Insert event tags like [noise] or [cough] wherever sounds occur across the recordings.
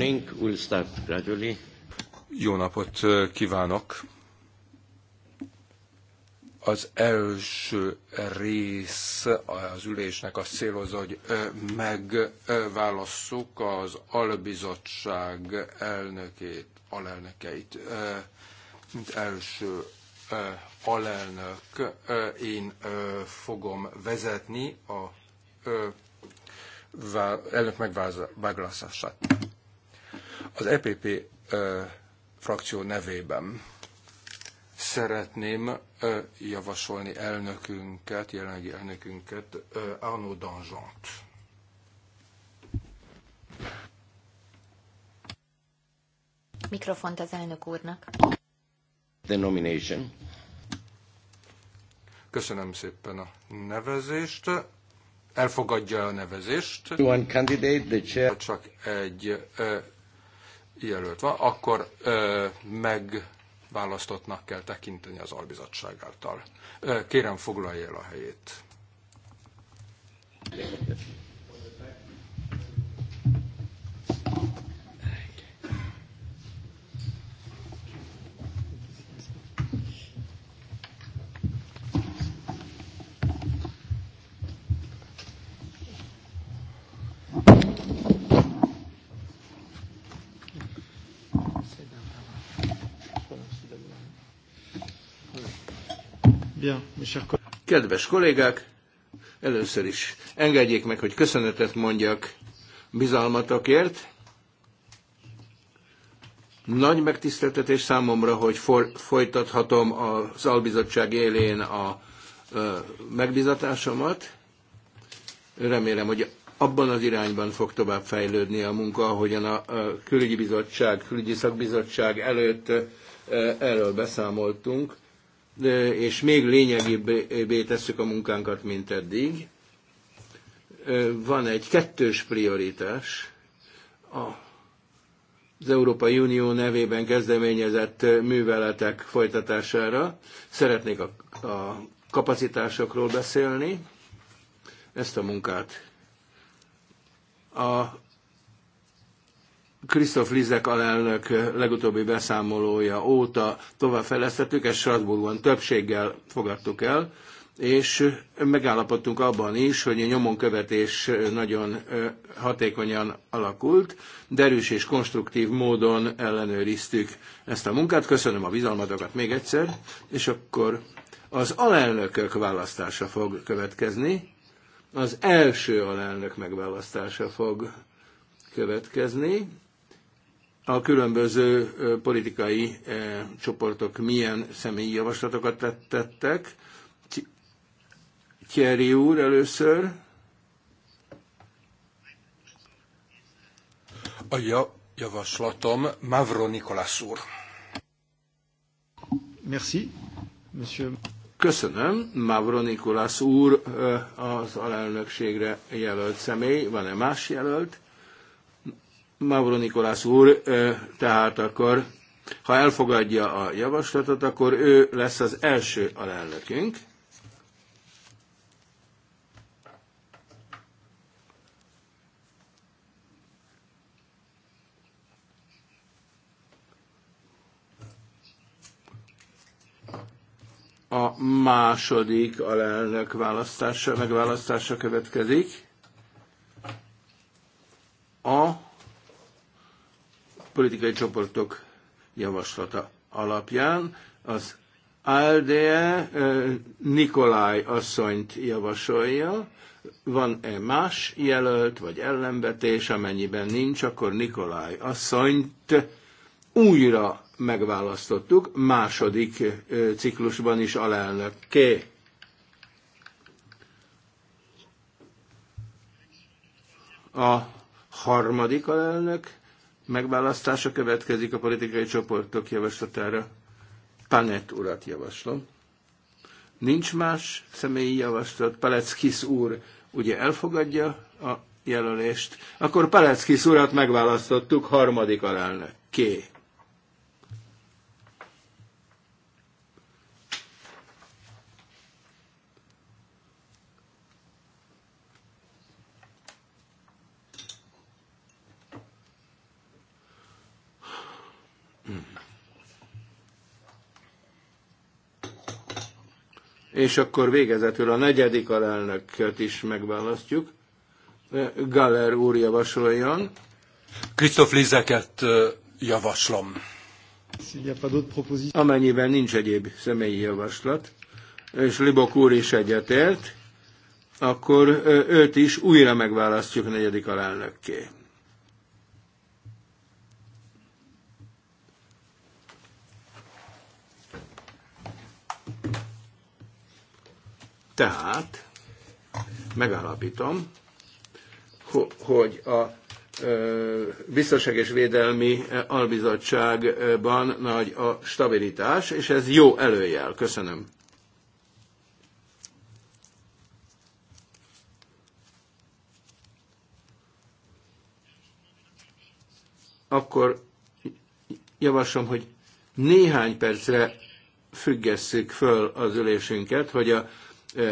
morning. We'll start gradually. Jó napot kívánok! Az első rész az ülésnek a célhoz, hogy megválasszuk az albizottság elnökét, alelnökeit. Mint első alelnök én fogom vezetni a elnök megválasztását. Az EPP ö, frakció nevében szeretném ö, javasolni elnökünket, jelenlegi elnökünket, ö, Arnaud Danjant. Mikrofont az elnök úrnak. The nomination. Köszönöm szépen a nevezést. Elfogadja a nevezést. One candidate, the chair. Csak egy jelölt van, akkor megválasztottnak kell tekinteni az albizottság által. Kérem, foglalja el a helyét. Kedves kollégák, először is engedjék meg, hogy köszönetet mondjak bizalmatokért. Nagy megtiszteltetés számomra, hogy for, folytathatom az albizottság élén a ö, megbizatásomat. Remélem, hogy abban az irányban fog tovább fejlődni a munka, ahogyan a, a külügyi bizottság, külügyi szakbizottság előtt erről beszámoltunk és még lényegibbé tesszük a munkánkat, mint eddig. Van egy kettős prioritás, az Európai Unió nevében kezdeményezett műveletek folytatására. Szeretnék a, a kapacitásokról beszélni, ezt a munkát. A Krisztof Lizek alelnök legutóbbi beszámolója óta továbbfejlesztettük, ezt Strasbourgban többséggel fogadtuk el, és megállapodtunk abban is, hogy a nyomonkövetés nagyon hatékonyan alakult, derűs és konstruktív módon ellenőriztük ezt a munkát. Köszönöm a bizalmatokat még egyszer, és akkor az alelnökök választása fog következni. Az első alelnök megválasztása fog következni a különböző politikai csoportok milyen személyi javaslatokat tettek. Thierry úr először. A javaslatom Mavro Nikolás úr. Merci, monsieur. Köszönöm. Mavro Nikolás úr az alelnökségre jelölt személy. Van-e más jelölt? Mauro Nikolász úr tehát akkor, ha elfogadja a javaslatot, akkor ő lesz az első alelnökünk. A második alelnök választása, megválasztása következik. A politikai csoportok javaslata alapján az ALDE Nikolaj asszonyt javasolja, van-e más jelölt, vagy ellenvetés, amennyiben nincs, akkor Nikolaj asszonyt újra megválasztottuk, második ciklusban is alelnökké. A harmadik alelnök megválasztása következik a politikai csoportok javaslatára. Panet urat javaslom. Nincs más személyi javaslat. Paleckis úr ugye elfogadja a jelölést. Akkor Paleckis urat megválasztottuk harmadik Ké. és akkor végezetül a negyedik alelnöket is megválasztjuk. Galler úr javasoljon. Krisztof Lizeket javaslom. Amennyiben nincs egyéb személyi javaslat, és Libok úr is egyetért, akkor őt is újra megválasztjuk negyedik alelnökké. Tehát megállapítom, hogy a biztonság és védelmi albizottságban nagy a stabilitás, és ez jó előjel. Köszönöm. Akkor javaslom, hogy néhány percre függesszük föl az ülésünket, hogy a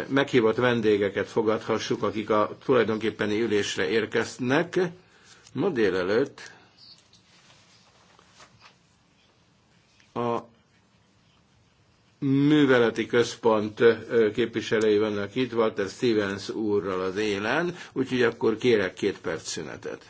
meghívott vendégeket fogadhassuk, akik a tulajdonképpeni ülésre érkeznek. Ma délelőtt a műveleti központ képviselői vannak itt, Walter Stevens úrral az élen, úgyhogy akkor kérek két perc szünetet.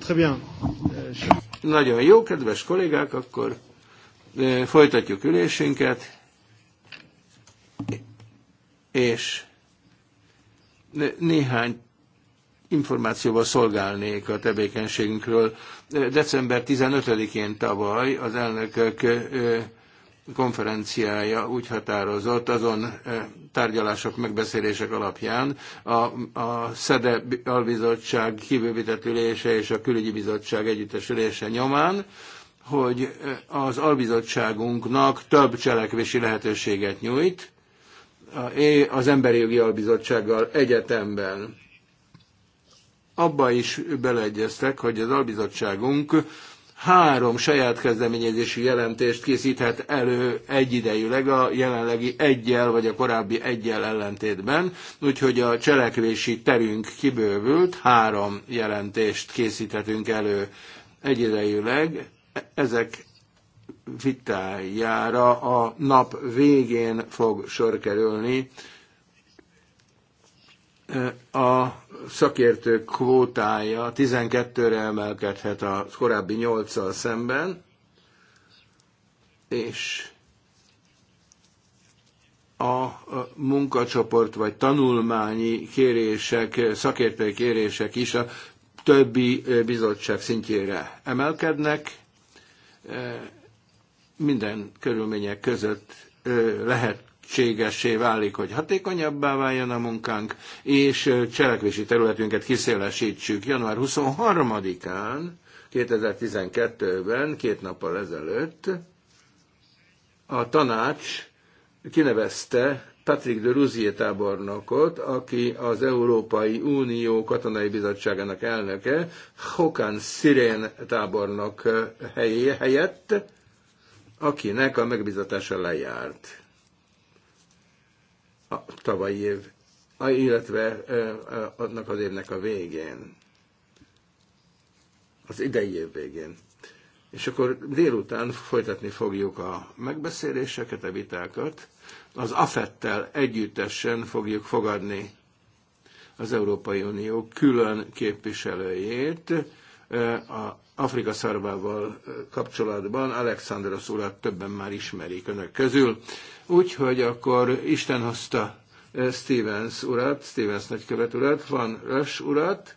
Très bien. Euh, Nagyon jó, kedves kollégák, akkor folytatjuk ülésünket, és néhány információval szolgálnék a tevékenységünkről. December 15-én tavaly az elnökök konferenciája úgy határozott azon eh, tárgyalások, megbeszélések alapján a, a SZEDE albizottság kibővítetülése és a külügyi bizottság ülése nyomán, hogy eh, az albizottságunknak több cselekvési lehetőséget nyújt az Emberi Jogi Albizottsággal egyetemben. Abba is beleegyeztek, hogy az albizottságunk három saját kezdeményezésű jelentést készíthet elő egyidejűleg a jelenlegi egyel vagy a korábbi egyel ellentétben, úgyhogy a cselekvési terünk kibővült, három jelentést készíthetünk elő egyidejűleg, ezek vitájára a nap végén fog sor kerülni. A szakértők kvótája 12-re emelkedhet a korábbi 8-al szemben, és a munkacsoport vagy tanulmányi kérések, szakértői kérések is a többi bizottság szintjére emelkednek. Minden körülmények között lehet lehetségessé válik, hogy hatékonyabbá váljon a munkánk, és cselekvési területünket kiszélesítsük. Január 23-án, 2012-ben, két nappal ezelőtt, a tanács kinevezte Patrick de Ruzier tábornokot, aki az Európai Unió Katonai Bizottságának elnöke, Hokan Sirén tábornok helyé helyett, akinek a megbizatása lejárt a tavalyi év, illetve annak az évnek a végén, az idei év végén. És akkor délután folytatni fogjuk a megbeszéléseket, a vitákat. Az AFET-tel együttesen fogjuk fogadni az Európai Unió külön képviselőjét a Afrika szarvával kapcsolatban. Alexandros urat többen már ismerik önök közül. Úgyhogy akkor Isten hozta eh, Stevens urat, Stevens nagykövet urat, van Rush urat,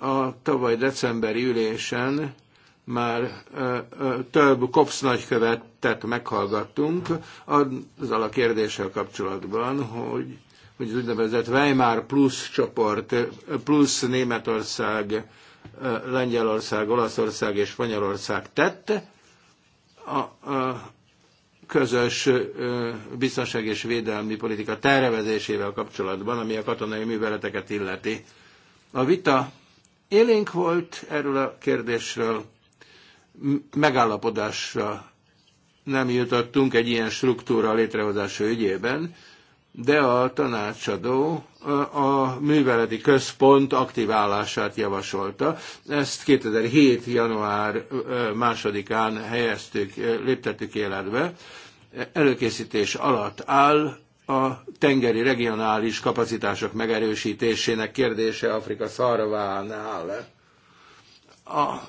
a tavaly decemberi ülésen már ö, eh, ö, eh, több kopsz nagykövetet meghallgattunk azzal a kérdéssel kapcsolatban, hogy, hogy az úgynevezett Weimar plusz csoport, plusz Németország, Lengyelország, Olaszország és Spanyolország tette, a, a közös biztonság és védelmi politika tervezésével kapcsolatban, ami a katonai műveleteket illeti. A vita élénk volt erről a kérdésről, megállapodásra nem jutottunk egy ilyen struktúra létrehozása ügyében, de a tanácsadó a műveleti központ aktiválását javasolta. Ezt 2007. január másodikán helyeztük, léptettük életbe. Előkészítés alatt áll a tengeri regionális kapacitások megerősítésének kérdése Afrika szarvánál a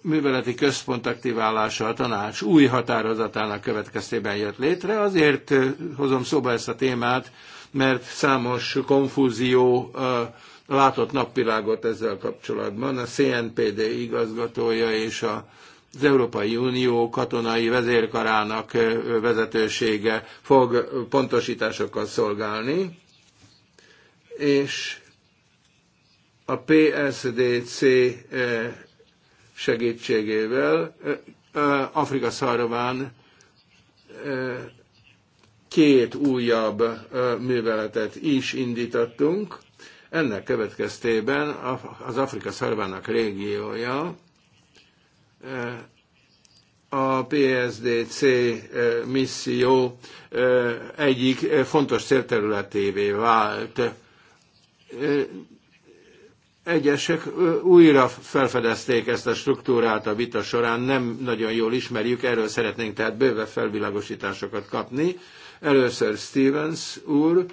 műveleti központ aktiválása a tanács új határozatának következtében jött létre. Azért hozom szóba ezt a témát, mert számos konfúzió látott napvilágot ezzel kapcsolatban. A CNPD igazgatója és a az Európai Unió katonai vezérkarának vezetősége fog pontosításokkal szolgálni, és a PSDC eh, segítségével eh, eh, Afrika szarván két újabb műveletet is indítottunk. Ennek következtében az Afrika szarvának régiója a PSDC misszió egyik fontos célterületévé vált egyesek újra felfedezték ezt a struktúrát a vita során, nem nagyon jól ismerjük, erről szeretnénk tehát bőve felvilágosításokat kapni. Először Stevens úr,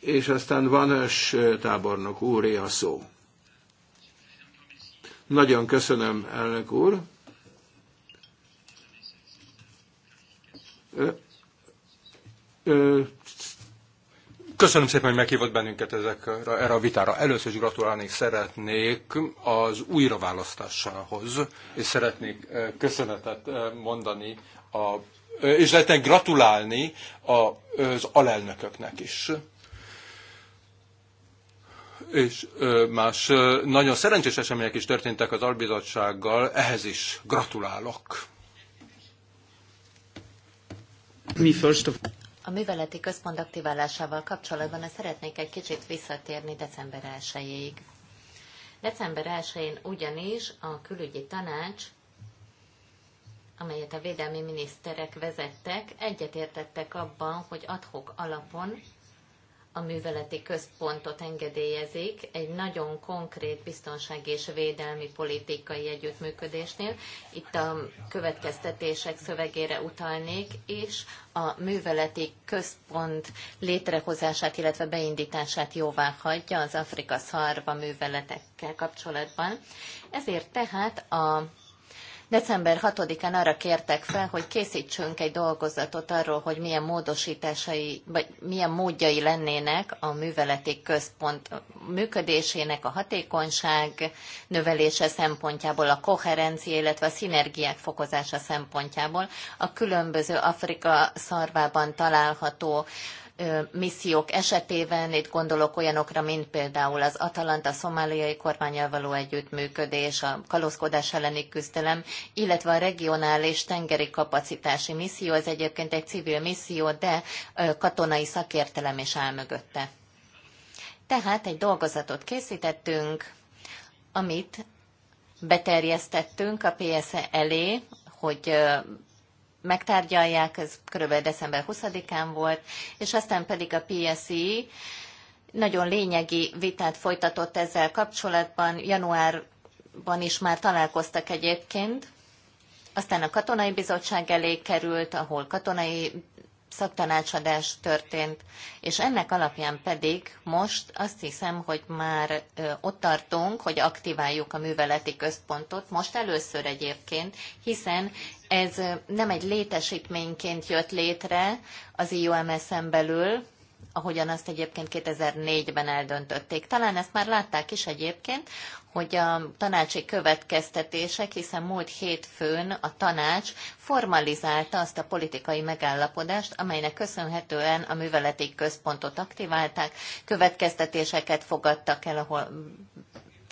és aztán Van Ös tábornok úré a szó. Nagyon köszönöm, elnök úr. Ö, ö, Köszönöm szépen, hogy meghívott bennünket ezekre, erre a vitára. Először is gratulálni szeretnék az újraválasztásához, és szeretnék eh, köszönetet eh, mondani, a, eh, és lehetne gratulálni az alelnököknek is és más nagyon szerencsés események is történtek az albizottsággal, ehhez is gratulálok. Mi first of... A műveleti központ aktiválásával kapcsolatban szeretnék egy kicsit visszatérni december 1-ig. December 1-én ugyanis a külügyi tanács, amelyet a védelmi miniszterek vezettek, egyetértettek abban, hogy adhok alapon a műveleti központot engedélyezik egy nagyon konkrét biztonsági és védelmi politikai együttműködésnél. Itt a következtetések szövegére utalnék, és a műveleti központ létrehozását, illetve beindítását jóvá hagyja az Afrika szarva műveletekkel kapcsolatban. Ezért tehát a December 6-án arra kértek fel, hogy készítsünk egy dolgozatot arról, hogy milyen módosításai, vagy milyen módjai lennének a műveleti központ működésének, a hatékonyság növelése szempontjából, a koherencia, illetve a szinergiák fokozása szempontjából, a különböző Afrika szarvában található missziók esetében, itt gondolok olyanokra, mint például az Atalanta szomáliai kormányjal való együttműködés, a kalózkodás elleni küzdelem, illetve a regionális tengeri kapacitási misszió, ez egyébként egy civil misszió, de katonai szakértelem is áll mögötte. Tehát egy dolgozatot készítettünk, amit beterjesztettünk a PSZ e elé, hogy megtárgyalják, ez körülbelül december 20-án volt, és aztán pedig a PSI e nagyon lényegi vitát folytatott ezzel kapcsolatban, januárban is már találkoztak egyébként, aztán a katonai bizottság elé került, ahol katonai szaktanácsadás történt, és ennek alapján pedig most azt hiszem, hogy már ott tartunk, hogy aktiváljuk a műveleti központot, most először egyébként, hiszen ez nem egy létesítményként jött létre az IOMS-en belül, ahogyan azt egyébként 2004-ben eldöntötték. Talán ezt már látták is egyébként, hogy a tanácsi következtetések, hiszen múlt hétfőn a tanács formalizálta azt a politikai megállapodást, amelynek köszönhetően a műveleti központot aktiválták, következtetéseket fogadtak el, ahol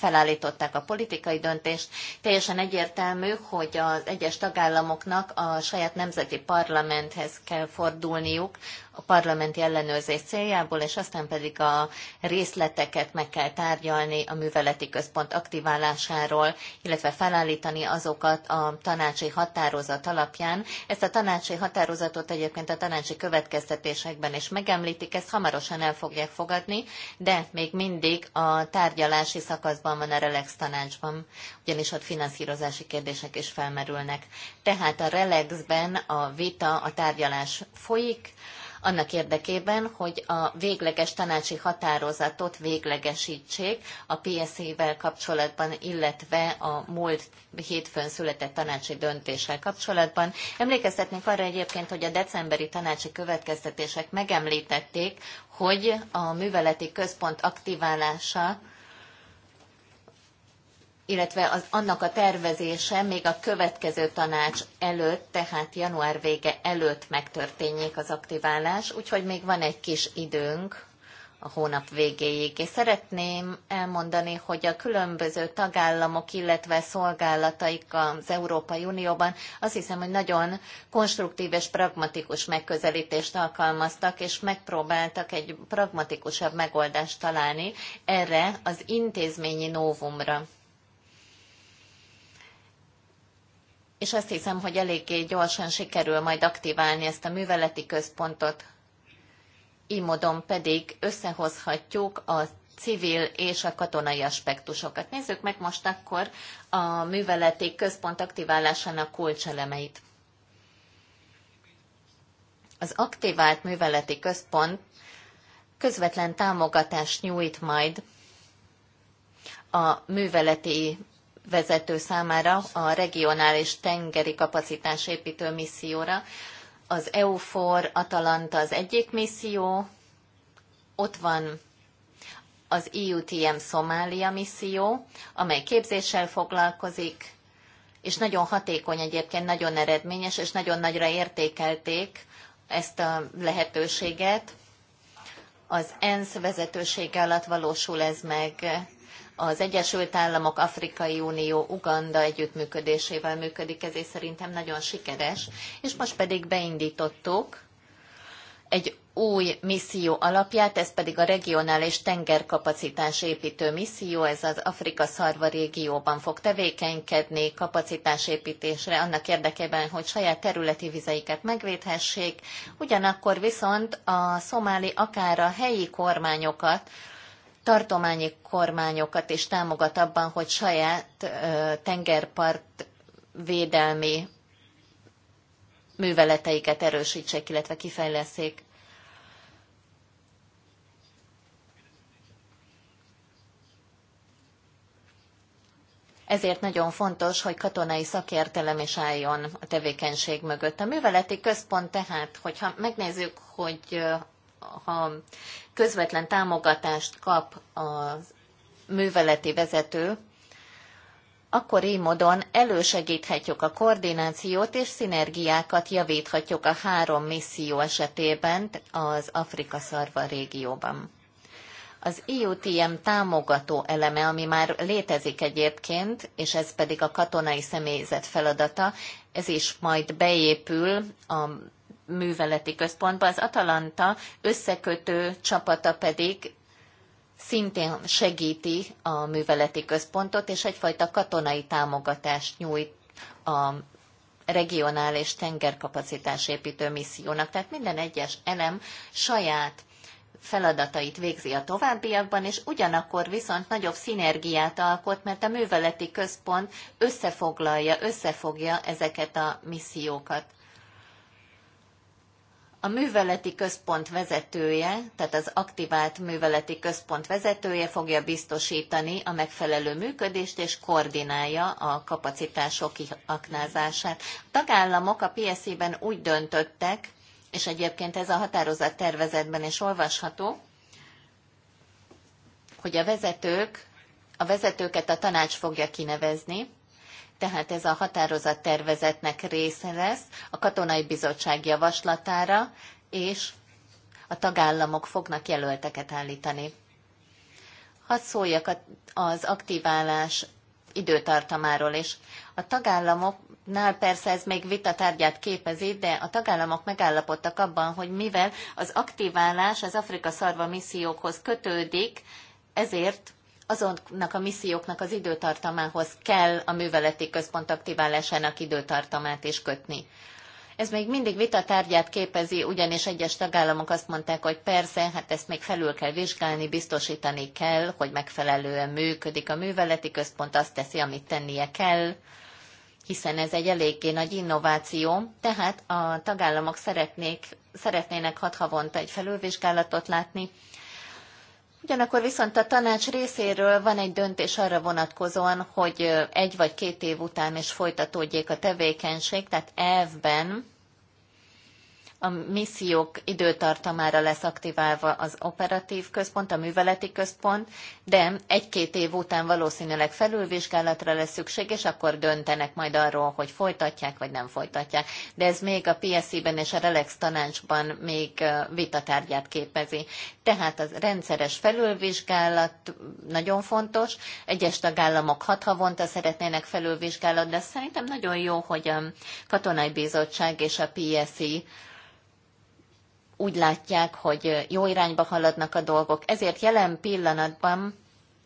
felállították a politikai döntést. Teljesen egyértelmű, hogy az egyes tagállamoknak a saját nemzeti parlamenthez kell fordulniuk a parlamenti ellenőrzés céljából, és aztán pedig a részleteket meg kell tárgyalni a műveleti központ aktiválásáról, illetve felállítani azokat a tanácsi határozat alapján. Ezt a tanácsi határozatot egyébként a tanácsi következtetésekben is megemlítik, ezt hamarosan el fogják fogadni, de még mindig a tárgyalási szakaszban szükségünk van a Relex tanácsban, ugyanis ott finanszírozási kérdések is felmerülnek. Tehát a Relexben a vita, a tárgyalás folyik, annak érdekében, hogy a végleges tanácsi határozatot véglegesítsék a PSZ-vel kapcsolatban, illetve a múlt hétfőn született tanácsi döntéssel kapcsolatban. Emlékeztetnék arra egyébként, hogy a decemberi tanácsi következtetések megemlítették, hogy a műveleti központ aktiválása illetve az, annak a tervezése még a következő tanács előtt, tehát január vége előtt megtörténjék az aktiválás, úgyhogy még van egy kis időnk a hónap végéig. És szeretném elmondani, hogy a különböző tagállamok, illetve szolgálataik az Európai Unióban azt hiszem, hogy nagyon konstruktív és pragmatikus megközelítést alkalmaztak, és megpróbáltak egy pragmatikusabb megoldást találni erre az intézményi novumra. és azt hiszem, hogy eléggé gyorsan sikerül majd aktiválni ezt a műveleti központot. Így módon pedig összehozhatjuk a civil és a katonai aspektusokat. Nézzük meg most akkor a műveleti központ aktiválásának kulcselemeit. Az aktivált műveleti központ közvetlen támogatást nyújt majd a műveleti vezető számára a regionális tengeri építő misszióra. Az EUFOR Atalanta az egyik misszió, ott van az EUTM Szomália misszió, amely képzéssel foglalkozik, és nagyon hatékony egyébként, nagyon eredményes, és nagyon nagyra értékelték ezt a lehetőséget. Az ENSZ vezetősége alatt valósul ez meg az Egyesült Államok, Afrikai Unió, Uganda együttműködésével működik, ezért szerintem nagyon sikeres, és most pedig beindítottuk egy új misszió alapját, ez pedig a regionális tengerkapacitás építő misszió, ez az Afrika szarva régióban fog tevékenykedni építésre annak érdekében, hogy saját területi vizeiket megvédhessék, ugyanakkor viszont a szomáli akár a helyi kormányokat tartományi kormányokat is támogat abban, hogy saját tengerpart védelmi műveleteiket erősítsék, illetve kifejleszék. Ezért nagyon fontos, hogy katonai szakértelem is álljon a tevékenység mögött. A műveleti központ tehát, hogyha megnézzük, hogy ha közvetlen támogatást kap a műveleti vezető, akkor így módon elősegíthetjük a koordinációt és szinergiákat javíthatjuk a három misszió esetében az Afrika szarva régióban. Az IUTM támogató eleme, ami már létezik egyébként, és ez pedig a katonai személyzet feladata, ez is majd beépül a műveleti központba, az Atalanta összekötő csapata pedig szintén segíti a műveleti központot, és egyfajta katonai támogatást nyújt a regionális tengerkapacitás építő missziónak. Tehát minden egyes elem saját feladatait végzi a továbbiakban, és ugyanakkor viszont nagyobb szinergiát alkot, mert a műveleti központ összefoglalja, összefogja ezeket a missziókat. A műveleti központ vezetője, tehát az aktivált műveleti központ vezetője fogja biztosítani a megfelelő működést és koordinálja a kapacitások kiaknázását. A tagállamok a PSZ-ben úgy döntöttek, és egyébként ez a határozat tervezetben is olvasható, hogy a vezetők, a vezetőket a tanács fogja kinevezni, tehát ez a határozattervezetnek része lesz a Katonai Bizottság javaslatára, és a tagállamok fognak jelölteket állítani. Hadd szóljak az aktiválás időtartamáról is. A tagállamoknál persze ez még vita tárgyát képezi, de a tagállamok megállapodtak abban, hogy mivel az aktiválás az Afrika szarva missziókhoz kötődik, ezért azonnak a misszióknak az időtartamához kell a műveleti központ aktiválásának időtartamát is kötni. Ez még mindig vita tárgyát képezi, ugyanis egyes tagállamok azt mondták, hogy persze, hát ezt még felül kell vizsgálni, biztosítani kell, hogy megfelelően működik a műveleti központ, azt teszi, amit tennie kell, hiszen ez egy eléggé nagy innováció, tehát a tagállamok szeretnék, szeretnének hat havonta egy felülvizsgálatot látni, Ugyanakkor viszont a tanács részéről van egy döntés arra vonatkozóan, hogy egy vagy két év után is folytatódjék a tevékenység, tehát elvben a missziók időtartamára lesz aktiválva az operatív központ, a műveleti központ, de egy-két év után valószínűleg felülvizsgálatra lesz szükség, és akkor döntenek majd arról, hogy folytatják vagy nem folytatják. De ez még a PSZ-ben és a Relex tanácsban még vitatárgyát képezi. Tehát a rendszeres felülvizsgálat nagyon fontos. Egyes tagállamok hat havonta szeretnének felülvizsgálat, de szerintem nagyon jó, hogy a Katonai Bizottság és a PSC úgy látják, hogy jó irányba haladnak a dolgok. Ezért jelen pillanatban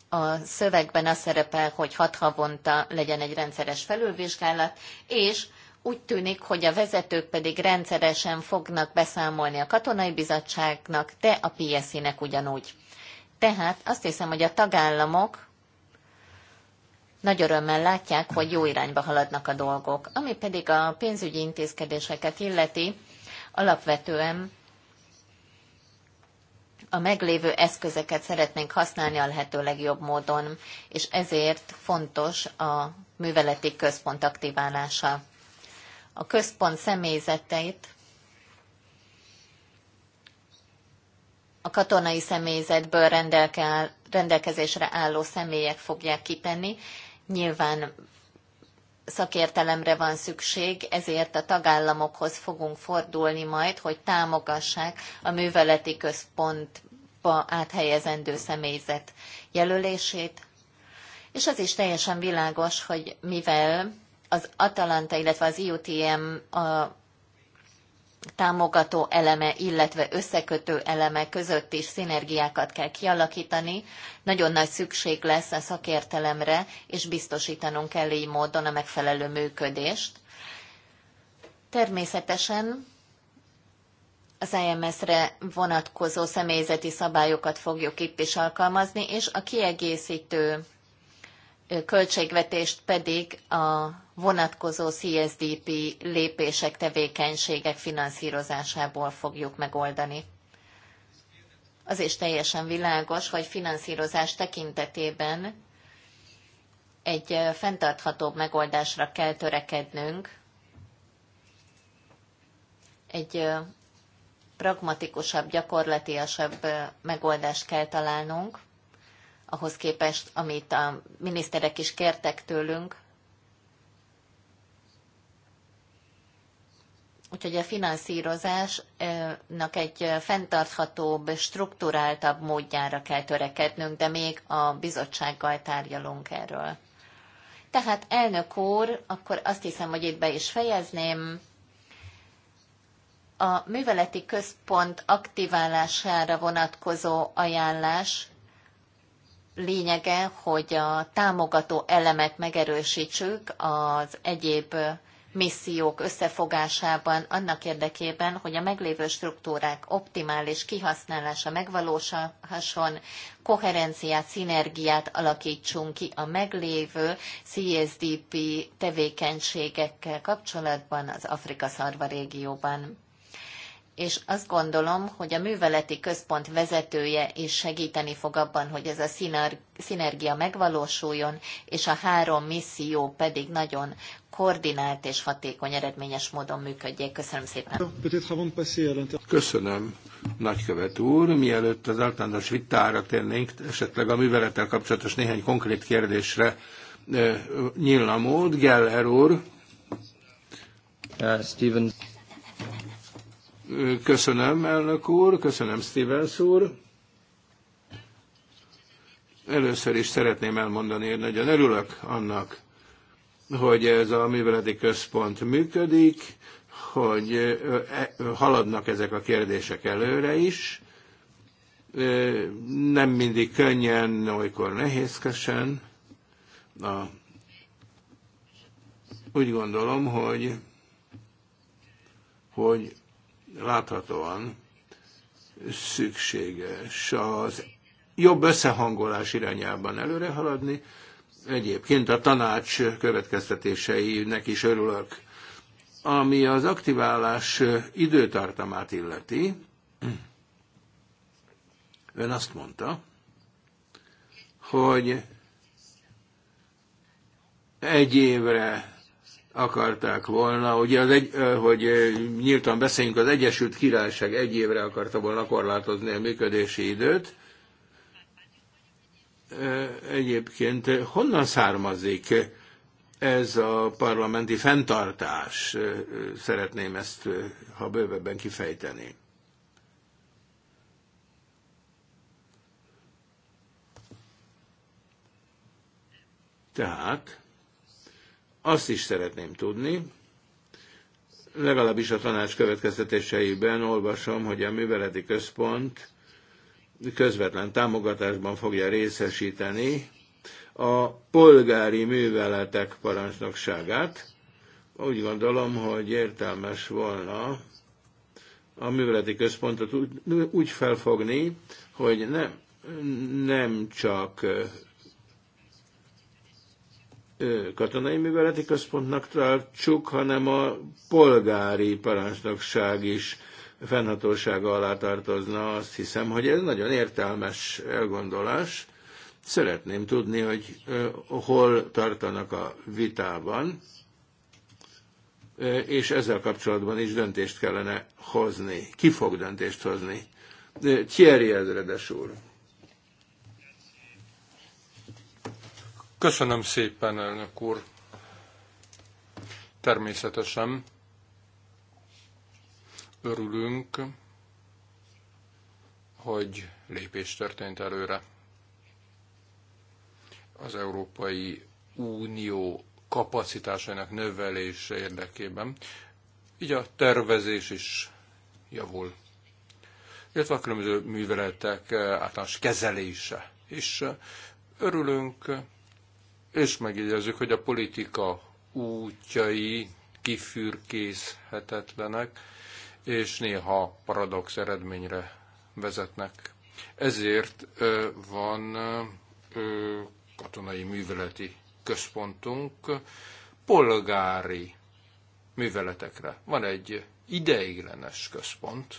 a szövegben az szerepel, hogy hat havonta legyen egy rendszeres felülvizsgálat, és úgy tűnik, hogy a vezetők pedig rendszeresen fognak beszámolni a katonai bizottságnak, de a PSZ-nek ugyanúgy. Tehát azt hiszem, hogy a tagállamok nagy örömmel látják, hogy jó irányba haladnak a dolgok. Ami pedig a pénzügyi intézkedéseket illeti, alapvetően a meglévő eszközeket szeretnénk használni a lehető legjobb módon, és ezért fontos a műveleti központ aktiválása. A központ személyzeteit a katonai személyzetből rendelkezésre álló személyek fogják kitenni. Nyilván szakértelemre van szükség, ezért a tagállamokhoz fogunk fordulni majd, hogy támogassák a műveleti központba áthelyezendő személyzet jelölését. És az is teljesen világos, hogy mivel az Atalanta, illetve az IUTM a támogató eleme, illetve összekötő eleme között is szinergiákat kell kialakítani. Nagyon nagy szükség lesz a szakértelemre, és biztosítanunk kell így módon a megfelelő működést. Természetesen az IMS-re vonatkozó személyzeti szabályokat fogjuk itt is alkalmazni, és a kiegészítő költségvetést pedig a vonatkozó CSDP lépések, tevékenységek finanszírozásából fogjuk megoldani. Az is teljesen világos, hogy finanszírozás tekintetében egy fenntarthatóbb megoldásra kell törekednünk, egy pragmatikusabb, gyakorlatiasabb megoldást kell találnunk, ahhoz képest, amit a miniszterek is kértek tőlünk. Úgyhogy a finanszírozásnak egy fenntarthatóbb, struktúráltabb módjára kell törekednünk, de még a bizottsággal tárgyalunk erről. Tehát elnök úr, akkor azt hiszem, hogy itt be is fejezném. A műveleti központ aktiválására vonatkozó ajánlás lényege, hogy a támogató elemet megerősítsük az egyéb missziók összefogásában annak érdekében, hogy a meglévő struktúrák optimális kihasználása megvalósulhasson, koherenciát, szinergiát alakítsunk ki a meglévő CSDP tevékenységekkel kapcsolatban az Afrika szarva régióban és azt gondolom, hogy a műveleti központ vezetője is segíteni fog abban, hogy ez a szinergia megvalósuljon, és a három misszió pedig nagyon koordinált és hatékony eredményes módon működjék. Köszönöm szépen. Köszönöm, nagykövet úr. Mielőtt az általános vitára térnénk, esetleg a művelettel kapcsolatos néhány konkrét kérdésre eh, nyílna mód. Geller úr. Uh, Stevens. Köszönöm, elnök úr, köszönöm, Stevens úr. Először is szeretném elmondani, hogy nagyon örülök annak, hogy ez a műveleti központ működik, hogy e, haladnak ezek a kérdések előre is. E, nem mindig könnyen, olykor nehézkesen. Na, úgy gondolom, hogy, hogy láthatóan szükséges az jobb összehangolás irányában előre haladni. Egyébként a tanács következtetéseinek is örülök. Ami az aktiválás időtartamát illeti, ön azt mondta, hogy egy évre akarták volna, ugye az egy, hogy nyíltan beszéljünk, az Egyesült Királyság egy évre akarta volna korlátozni a működési időt. Egyébként honnan származik ez a parlamenti fenntartás? Szeretném ezt, ha bővebben kifejteni. Tehát azt is szeretném tudni, legalábbis a tanács következtetéseiben olvasom, hogy a műveleti központ közvetlen támogatásban fogja részesíteni a polgári műveletek parancsnokságát. Úgy gondolom, hogy értelmes volna a műveleti központot úgy, felfogni, hogy nem, nem csak katonai műveleti központnak tartsuk, hanem a polgári parancsnokság is fennhatósága alá tartozna. Azt hiszem, hogy ez nagyon értelmes elgondolás. Szeretném tudni, hogy hol tartanak a vitában, és ezzel kapcsolatban is döntést kellene hozni. Ki fog döntést hozni? Thierry Ezredes úr. Köszönöm szépen, elnök úr. Természetesen örülünk, hogy lépés történt előre. Az Európai Unió kapacitásainak növelése érdekében. Így a tervezés is javul. Illetve a különböző műveletek általános kezelése is. Örülünk, és megjegyezzük, hogy a politika útjai kifürkészhetetlenek, és néha paradox eredményre vezetnek. Ezért van katonai műveleti központunk polgári műveletekre. Van egy ideiglenes központ,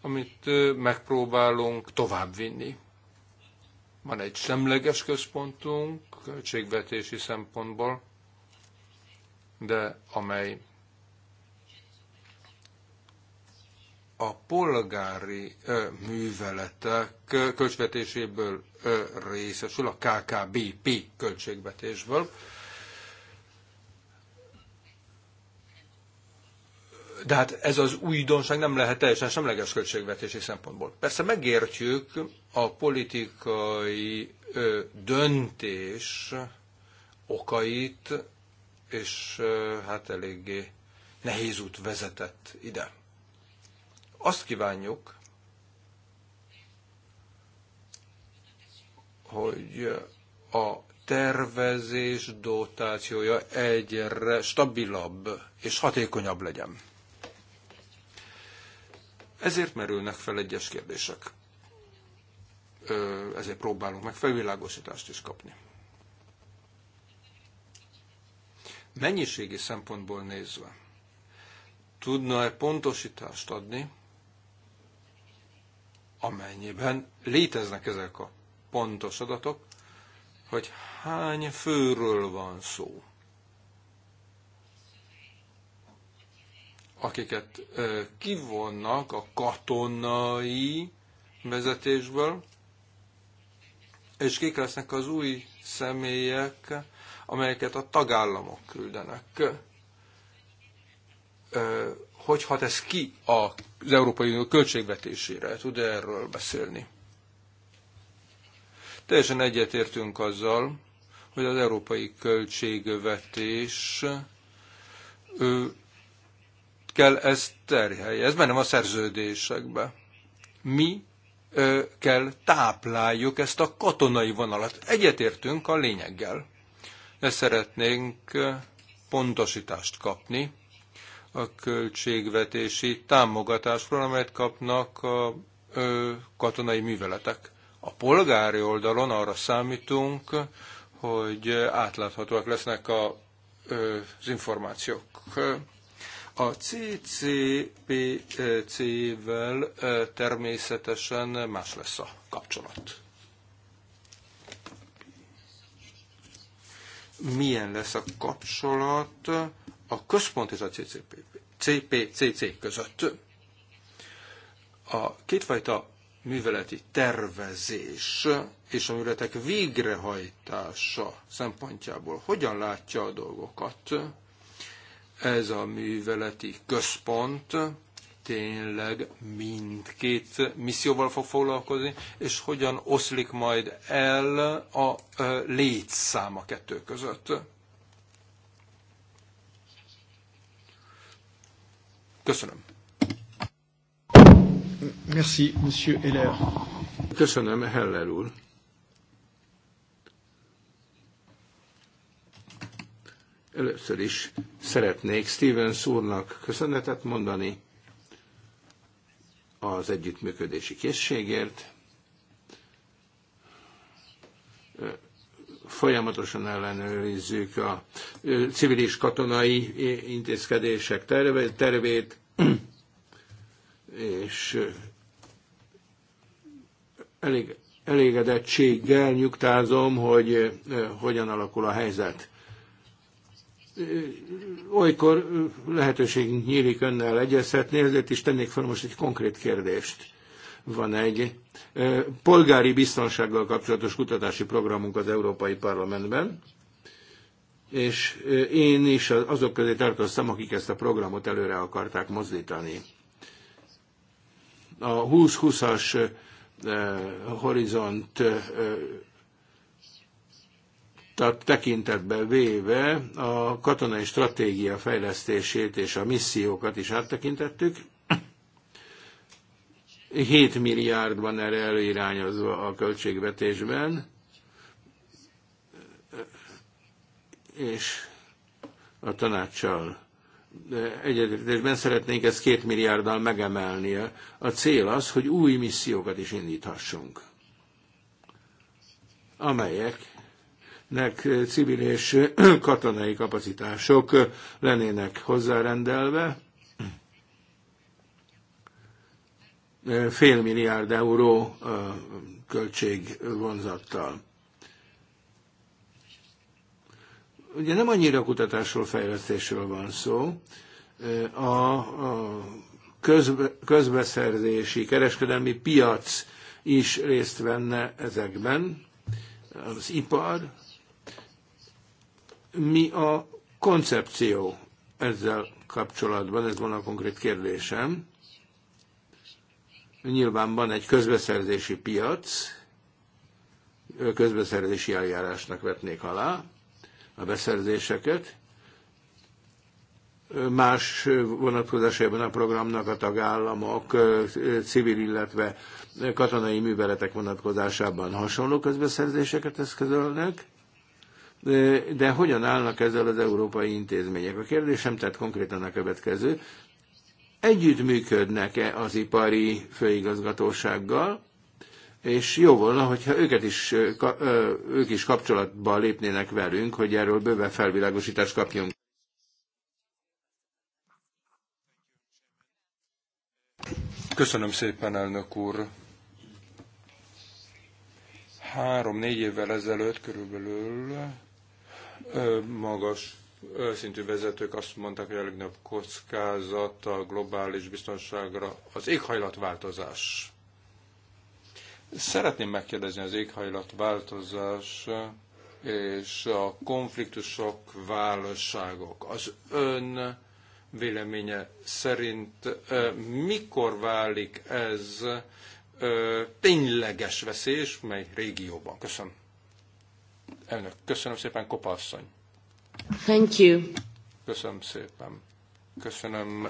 amit megpróbálunk továbbvinni van egy semleges központunk költségvetési szempontból, de amely a polgári ö, műveletek költségvetéséből ö, részesül, a KKBP költségvetésből, de hát ez az újdonság nem lehet teljesen semleges költségvetési szempontból. Persze megértjük a politikai döntés okait, és hát eléggé nehéz út vezetett ide. Azt kívánjuk, hogy a tervezés dotációja egyre stabilabb és hatékonyabb legyen. Ezért merülnek fel egyes kérdések. Ezért próbálunk meg felvilágosítást is kapni. Mennyiségi szempontból nézve, tudna-e pontosítást adni, amennyiben léteznek ezek a pontos adatok, hogy hány főről van szó. akiket kivonnak a katonai vezetésből, és kik lesznek az új személyek, amelyeket a tagállamok küldenek. Hogy hat ez ki az Európai Unió költségvetésére? Tud -e erről beszélni? Teljesen egyetértünk azzal, hogy az európai költségvetés kell ezt terhelje. Ez benne a szerződésekbe. Mi ö, kell tápláljuk ezt a katonai vonalat. Egyetértünk a lényeggel. De szeretnénk pontosítást kapni a költségvetési támogatásról, amelyet kapnak a ö, katonai műveletek. A polgári oldalon arra számítunk, hogy átláthatóak lesznek a, ö, az információk. A CCPC-vel természetesen más lesz a kapcsolat. Milyen lesz a kapcsolat a központ és a CPCC között? A kétfajta műveleti tervezés és a műveletek végrehajtása szempontjából hogyan látja a dolgokat? Ez a műveleti központ tényleg mindkét misszióval fog foglalkozni, és hogyan oszlik majd el a létszám a kettő között. Köszönöm. Merci, Monsieur Heller. Köszönöm, Heller úr. Először is szeretnék Stevens úrnak köszönetet mondani az együttműködési készségért. Folyamatosan ellenőrizzük a civil és katonai intézkedések tervét, [clears throat] és elég, elégedettséggel nyugtázom, hogy hogyan alakul a helyzet olykor lehetőségünk nyílik önnel egyezhetni, ezért is tennék fel most egy konkrét kérdést. Van egy polgári biztonsággal kapcsolatos kutatási programunk az Európai Parlamentben, és én is azok közé tartoztam, akik ezt a programot előre akarták mozdítani. A 2020-as Horizont tekintetbe véve a katonai stratégia fejlesztését és a missziókat is áttekintettük. 7 milliárd van erre előirányozva a költségvetésben, és a tanácssal egyetértésben szeretnénk ezt két milliárddal megemelni A cél az, hogy új missziókat is indíthassunk, amelyek nek civil és [clears throat] katonai kapacitások lennének hozzárendelve. Fél milliárd euró költség vonzattal. Ugye nem annyira kutatásról, fejlesztésről van szó. A, közbeszerzési, kereskedelmi piac is részt venne ezekben, az ipar, mi a koncepció ezzel kapcsolatban? Ez van a konkrét kérdésem. Nyilván van egy közbeszerzési piac, közbeszerzési eljárásnak vetnék alá a beszerzéseket. Más vonatkozásában a programnak a tagállamok civil, illetve katonai műveletek vonatkozásában hasonló közbeszerzéseket eszközölnek de, hogyan állnak ezzel az európai intézmények? A kérdésem tehát konkrétan a következő. Együttműködnek-e az ipari főigazgatósággal, és jó volna, hogyha őket is, ők is kapcsolatba lépnének velünk, hogy erről bőve felvilágosítást kapjunk. Köszönöm szépen, elnök úr! Három-négy évvel ezelőtt körülbelül magas szintű vezetők azt mondták, hogy a legnagyobb kockázat a globális biztonságra az éghajlatváltozás. Szeretném megkérdezni az éghajlatváltozás és a konfliktusok, válságok. Az ön véleménye szerint mikor válik ez tényleges veszély, mely régióban? Köszönöm. Elnök, köszönöm szépen, Kopa asszony. Thank you. Köszönöm szépen. Köszönöm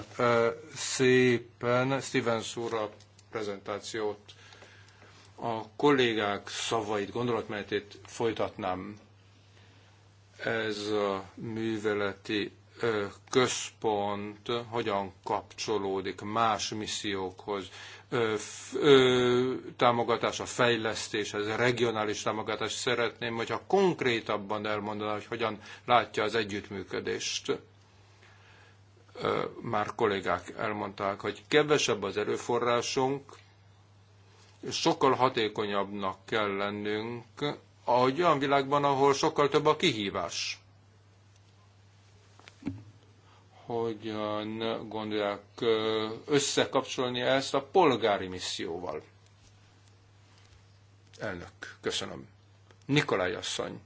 szépen Stevens úr a prezentációt. A kollégák szavait, gondolatmenetét folytatnám. Ez a műveleti központ hogyan kapcsolódik más missziókhoz, támogatása, fejlesztés, ez regionális támogatás. Szeretném, hogyha konkrétabban elmondaná, hogy hogyan látja az együttműködést. Már kollégák elmondták, hogy kevesebb az erőforrásunk, sokkal hatékonyabbnak kell lennünk, ahogy olyan világban, ahol sokkal több a kihívás. hogyan gondolják összekapcsolni ezt a polgári misszióval. Elnök, köszönöm. Nikolaj asszony,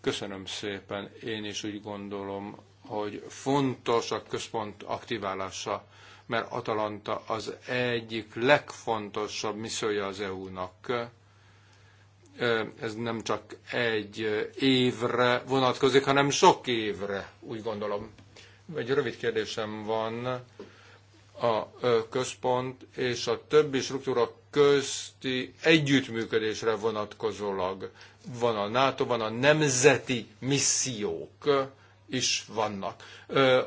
köszönöm szépen. Én is úgy gondolom, hogy fontos a központ aktiválása, mert Atalanta az egyik legfontosabb missziója az EU-nak ez nem csak egy évre vonatkozik, hanem sok évre, úgy gondolom. Egy rövid kérdésem van a központ és a többi struktúra közti együttműködésre vonatkozólag. Van a NATO, van a nemzeti missziók is vannak.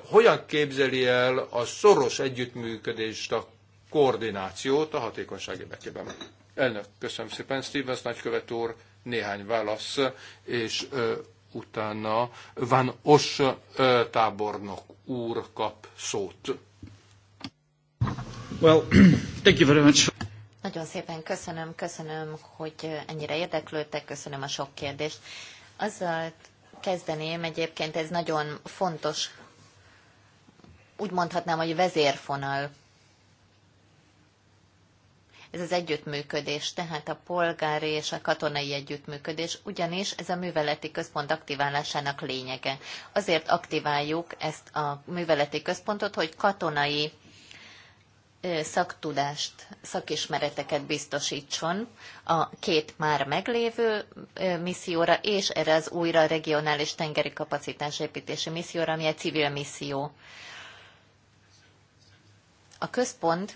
Hogyan képzeli el a szoros együttműködést, a koordinációt a hatékonyság érdekében? Elnök, köszönöm szépen, Stevens nagykövet úr, néhány válasz, és utána Van Os tábornok úr kap szót. Well, [clears throat] thank you very much. Nagyon szépen köszönöm, köszönöm, hogy ennyire érdeklődtek, köszönöm a sok kérdést. Azzal kezdeném egyébként, ez nagyon fontos, úgy mondhatnám, hogy vezérfonal ez az együttműködés, tehát a polgári és a katonai együttműködés, ugyanis ez a műveleti központ aktiválásának lényege. Azért aktiváljuk ezt a műveleti központot, hogy katonai szaktudást, szakismereteket biztosítson a két már meglévő misszióra, és erre az újra regionális tengeri kapacitás építési misszióra, ami egy civil misszió. A központ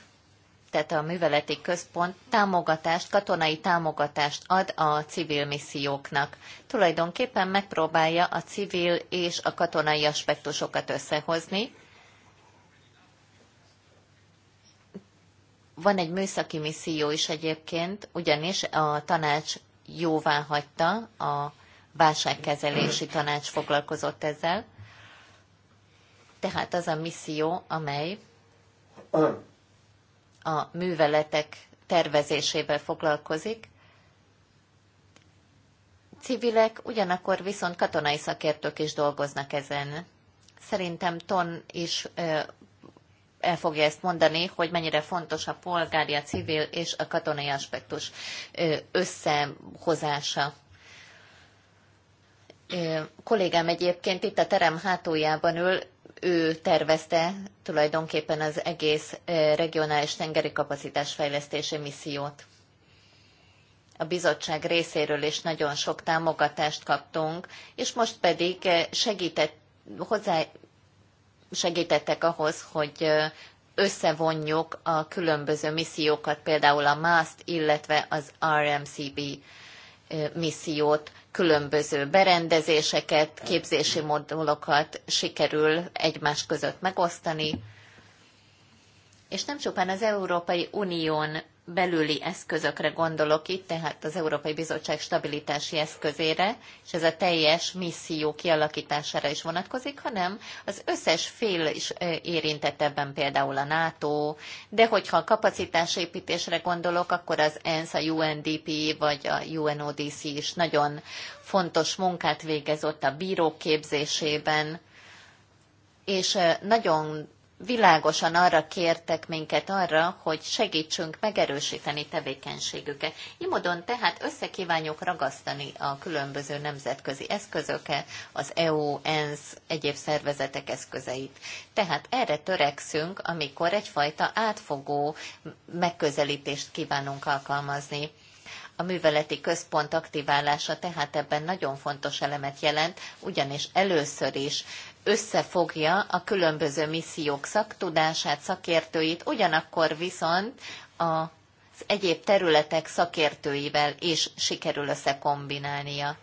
tehát a műveleti központ támogatást, katonai támogatást ad a civil misszióknak. Tulajdonképpen megpróbálja a civil és a katonai aspektusokat összehozni. Van egy műszaki misszió is egyébként, ugyanis a tanács jóvá hagyta, a válságkezelési tanács foglalkozott ezzel. Tehát az a misszió, amely [coughs] a műveletek tervezésével foglalkozik. Civilek, ugyanakkor viszont katonai szakértők is dolgoznak ezen. Szerintem Ton is el fogja ezt mondani, hogy mennyire fontos a polgári, a civil és a katonai aspektus összehozása. Kollégám egyébként itt a terem hátuljában ül, ő tervezte tulajdonképpen az egész regionális tengeri kapacitás fejlesztési missziót. A bizottság részéről is nagyon sok támogatást kaptunk, és most pedig segített, hozzá segítettek ahhoz, hogy összevonjuk a különböző missziókat, például a MAST, illetve az RMCB missziót különböző berendezéseket, képzési modulokat sikerül egymás között megosztani, és nem csupán az Európai Unión belüli eszközökre gondolok itt, tehát az Európai Bizottság stabilitási eszközére, és ez a teljes misszió kialakítására is vonatkozik, hanem az összes fél is érintett ebben például a NATO, de hogyha a kapacitásépítésre gondolok, akkor az ENSZ, a UNDP vagy a UNODC is nagyon fontos munkát végez ott a bírók képzésében, és nagyon világosan arra kértek minket arra, hogy segítsünk megerősíteni tevékenységüket. Imodon tehát összekívánjuk ragasztani a különböző nemzetközi eszközöket, az EU, ENSZ, egyéb szervezetek eszközeit. Tehát erre törekszünk, amikor egyfajta átfogó megközelítést kívánunk alkalmazni. A műveleti központ aktiválása tehát ebben nagyon fontos elemet jelent, ugyanis először is összefogja a különböző missziók szaktudását, szakértőit, ugyanakkor viszont a az egyéb területek szakértőivel is sikerül összekombinálnia.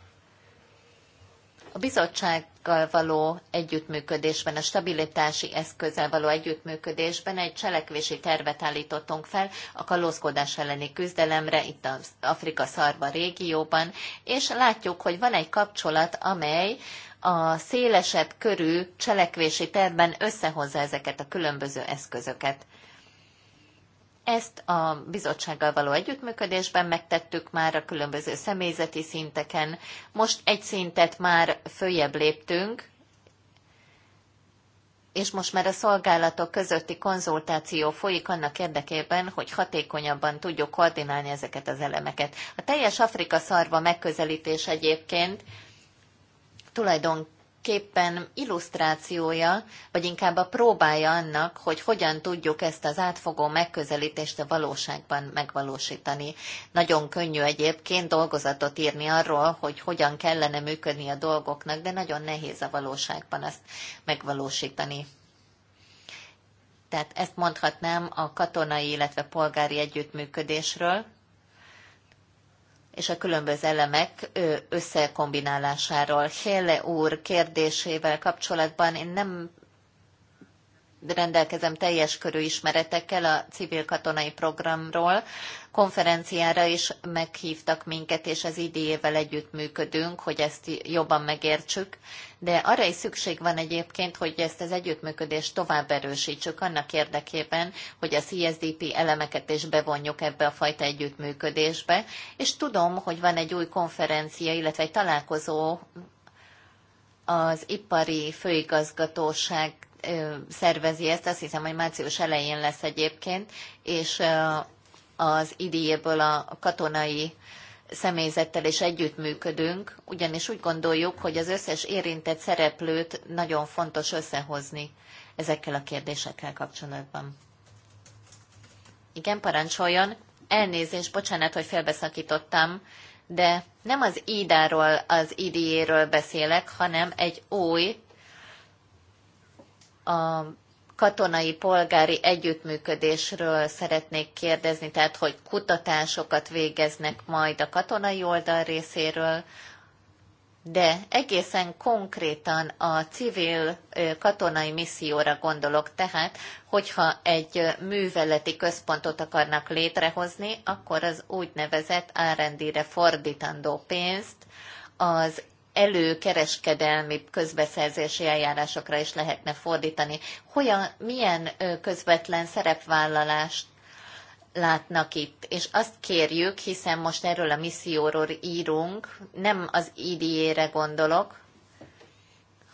A bizottsággal való együttműködésben, a stabilitási eszközzel való együttműködésben egy cselekvési tervet állítottunk fel a kalózkodás elleni küzdelemre itt az Afrika szarva régióban, és látjuk, hogy van egy kapcsolat, amely a szélesebb körű cselekvési tervben összehozza ezeket a különböző eszközöket. Ezt a bizottsággal való együttműködésben megtettük már a különböző személyzeti szinteken. Most egy szintet már följebb léptünk, és most már a szolgálatok közötti konzultáció folyik annak érdekében, hogy hatékonyabban tudjuk koordinálni ezeket az elemeket. A teljes Afrika szarva megközelítés egyébként tulajdonképpen illusztrációja, vagy inkább a próbája annak, hogy hogyan tudjuk ezt az átfogó megközelítést a valóságban megvalósítani. Nagyon könnyű egyébként dolgozatot írni arról, hogy hogyan kellene működni a dolgoknak, de nagyon nehéz a valóságban ezt megvalósítani. Tehát ezt mondhatnám a katonai, illetve polgári együttműködésről, és a különböző elemek összekombinálásáról. Héle úr kérdésével kapcsolatban én nem rendelkezem teljes körű ismeretekkel a civil katonai programról, konferenciára is meghívtak minket, és az idéjével együttműködünk, hogy ezt jobban megértsük, de arra is szükség van egyébként, hogy ezt az együttműködést tovább erősítsük annak érdekében, hogy a CSDP elemeket is bevonjuk ebbe a fajta együttműködésbe, és tudom, hogy van egy új konferencia, illetve egy találkozó az ipari főigazgatóság szervezi ezt, azt hiszem, hogy március elején lesz egyébként, és az idéből a katonai személyzettel is együttműködünk, ugyanis úgy gondoljuk, hogy az összes érintett szereplőt nagyon fontos összehozni ezekkel a kérdésekkel kapcsolatban. Igen, parancsoljon. Elnézést, bocsánat, hogy felbeszakítottam, de nem az IDA-ról, az IDA-ről beszélek, hanem egy új a katonai polgári együttműködésről szeretnék kérdezni, tehát hogy kutatásokat végeznek majd a katonai oldal részéről, de egészen konkrétan a civil katonai misszióra gondolok, tehát hogyha egy műveleti központot akarnak létrehozni, akkor az úgynevezett R&D-re fordítandó pénzt az előkereskedelmi közbeszerzési eljárásokra is lehetne fordítani. Hogyan, milyen közvetlen szerepvállalást látnak itt. És azt kérjük, hiszen most erről a misszióról írunk, nem az IDA-re gondolok,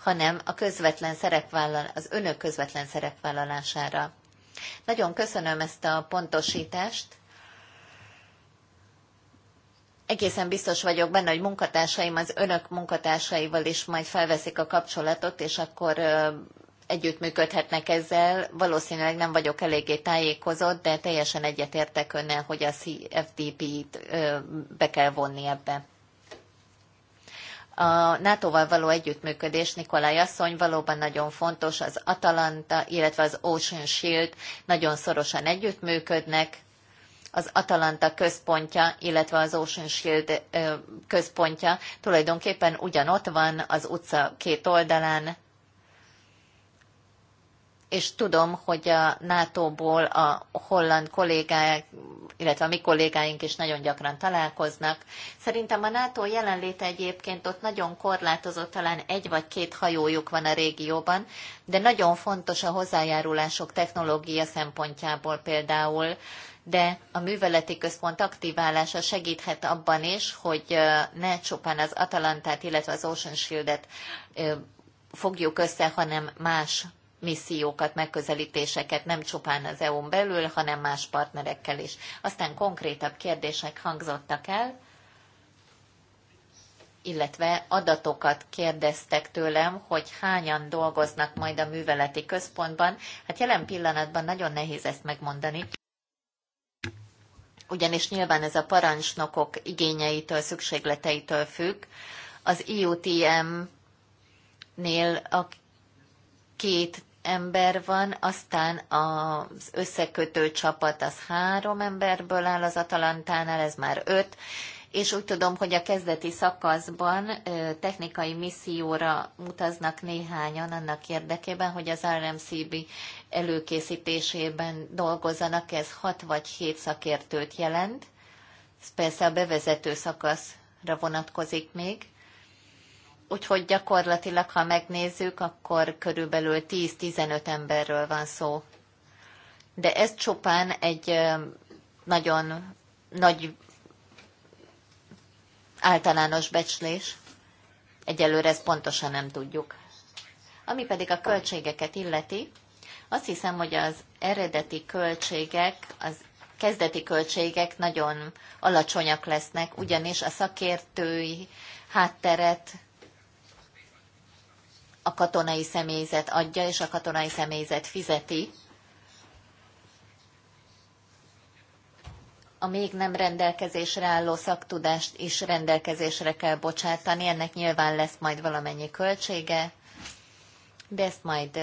hanem a közvetlen szerepvállalás, az önök közvetlen szerepvállalására. Nagyon köszönöm ezt a pontosítást egészen biztos vagyok benne, hogy munkatársaim az önök munkatársaival is majd felveszik a kapcsolatot, és akkor együttműködhetnek ezzel. Valószínűleg nem vagyok eléggé tájékozott, de teljesen egyetértek önnel, hogy a CFDP-t be kell vonni ebbe. A NATO-val való együttműködés, Nikolaj asszony, valóban nagyon fontos, az Atalanta, illetve az Ocean Shield nagyon szorosan együttműködnek, az Atalanta központja, illetve az Ocean Shield központja tulajdonképpen ugyanott van az utca két oldalán, és tudom, hogy a NATO-ból a holland kollégák, illetve a mi kollégáink is nagyon gyakran találkoznak. Szerintem a NATO jelenléte egyébként ott nagyon korlátozott, talán egy vagy két hajójuk van a régióban, de nagyon fontos a hozzájárulások technológia szempontjából például de a műveleti központ aktiválása segíthet abban is, hogy ne csupán az Atalantát, illetve az Ocean Shield-et fogjuk össze, hanem más missziókat, megközelítéseket nem csupán az EU-n belül, hanem más partnerekkel is. Aztán konkrétabb kérdések hangzottak el, illetve adatokat kérdeztek tőlem, hogy hányan dolgoznak majd a műveleti központban. Hát jelen pillanatban nagyon nehéz ezt megmondani ugyanis nyilván ez a parancsnokok igényeitől, szükségleteitől függ. Az IUTM-nél a két ember van, aztán az összekötő csapat az három emberből áll az Atalantánál, ez már öt, és úgy tudom, hogy a kezdeti szakaszban technikai misszióra utaznak néhányan annak érdekében, hogy az RMCB előkészítésében dolgozzanak, ez 6 vagy 7 szakértőt jelent. Ez persze a bevezető szakaszra vonatkozik még. Úgyhogy gyakorlatilag, ha megnézzük, akkor körülbelül 10-15 emberről van szó. De ez csupán egy nagyon nagy általános becslés. Egyelőre ezt pontosan nem tudjuk. Ami pedig a költségeket illeti, azt hiszem, hogy az eredeti költségek, az kezdeti költségek nagyon alacsonyak lesznek, ugyanis a szakértői hátteret a katonai személyzet adja, és a katonai személyzet fizeti, a még nem rendelkezésre álló szaktudást is rendelkezésre kell bocsátani. Ennek nyilván lesz majd valamennyi költsége, de ezt majd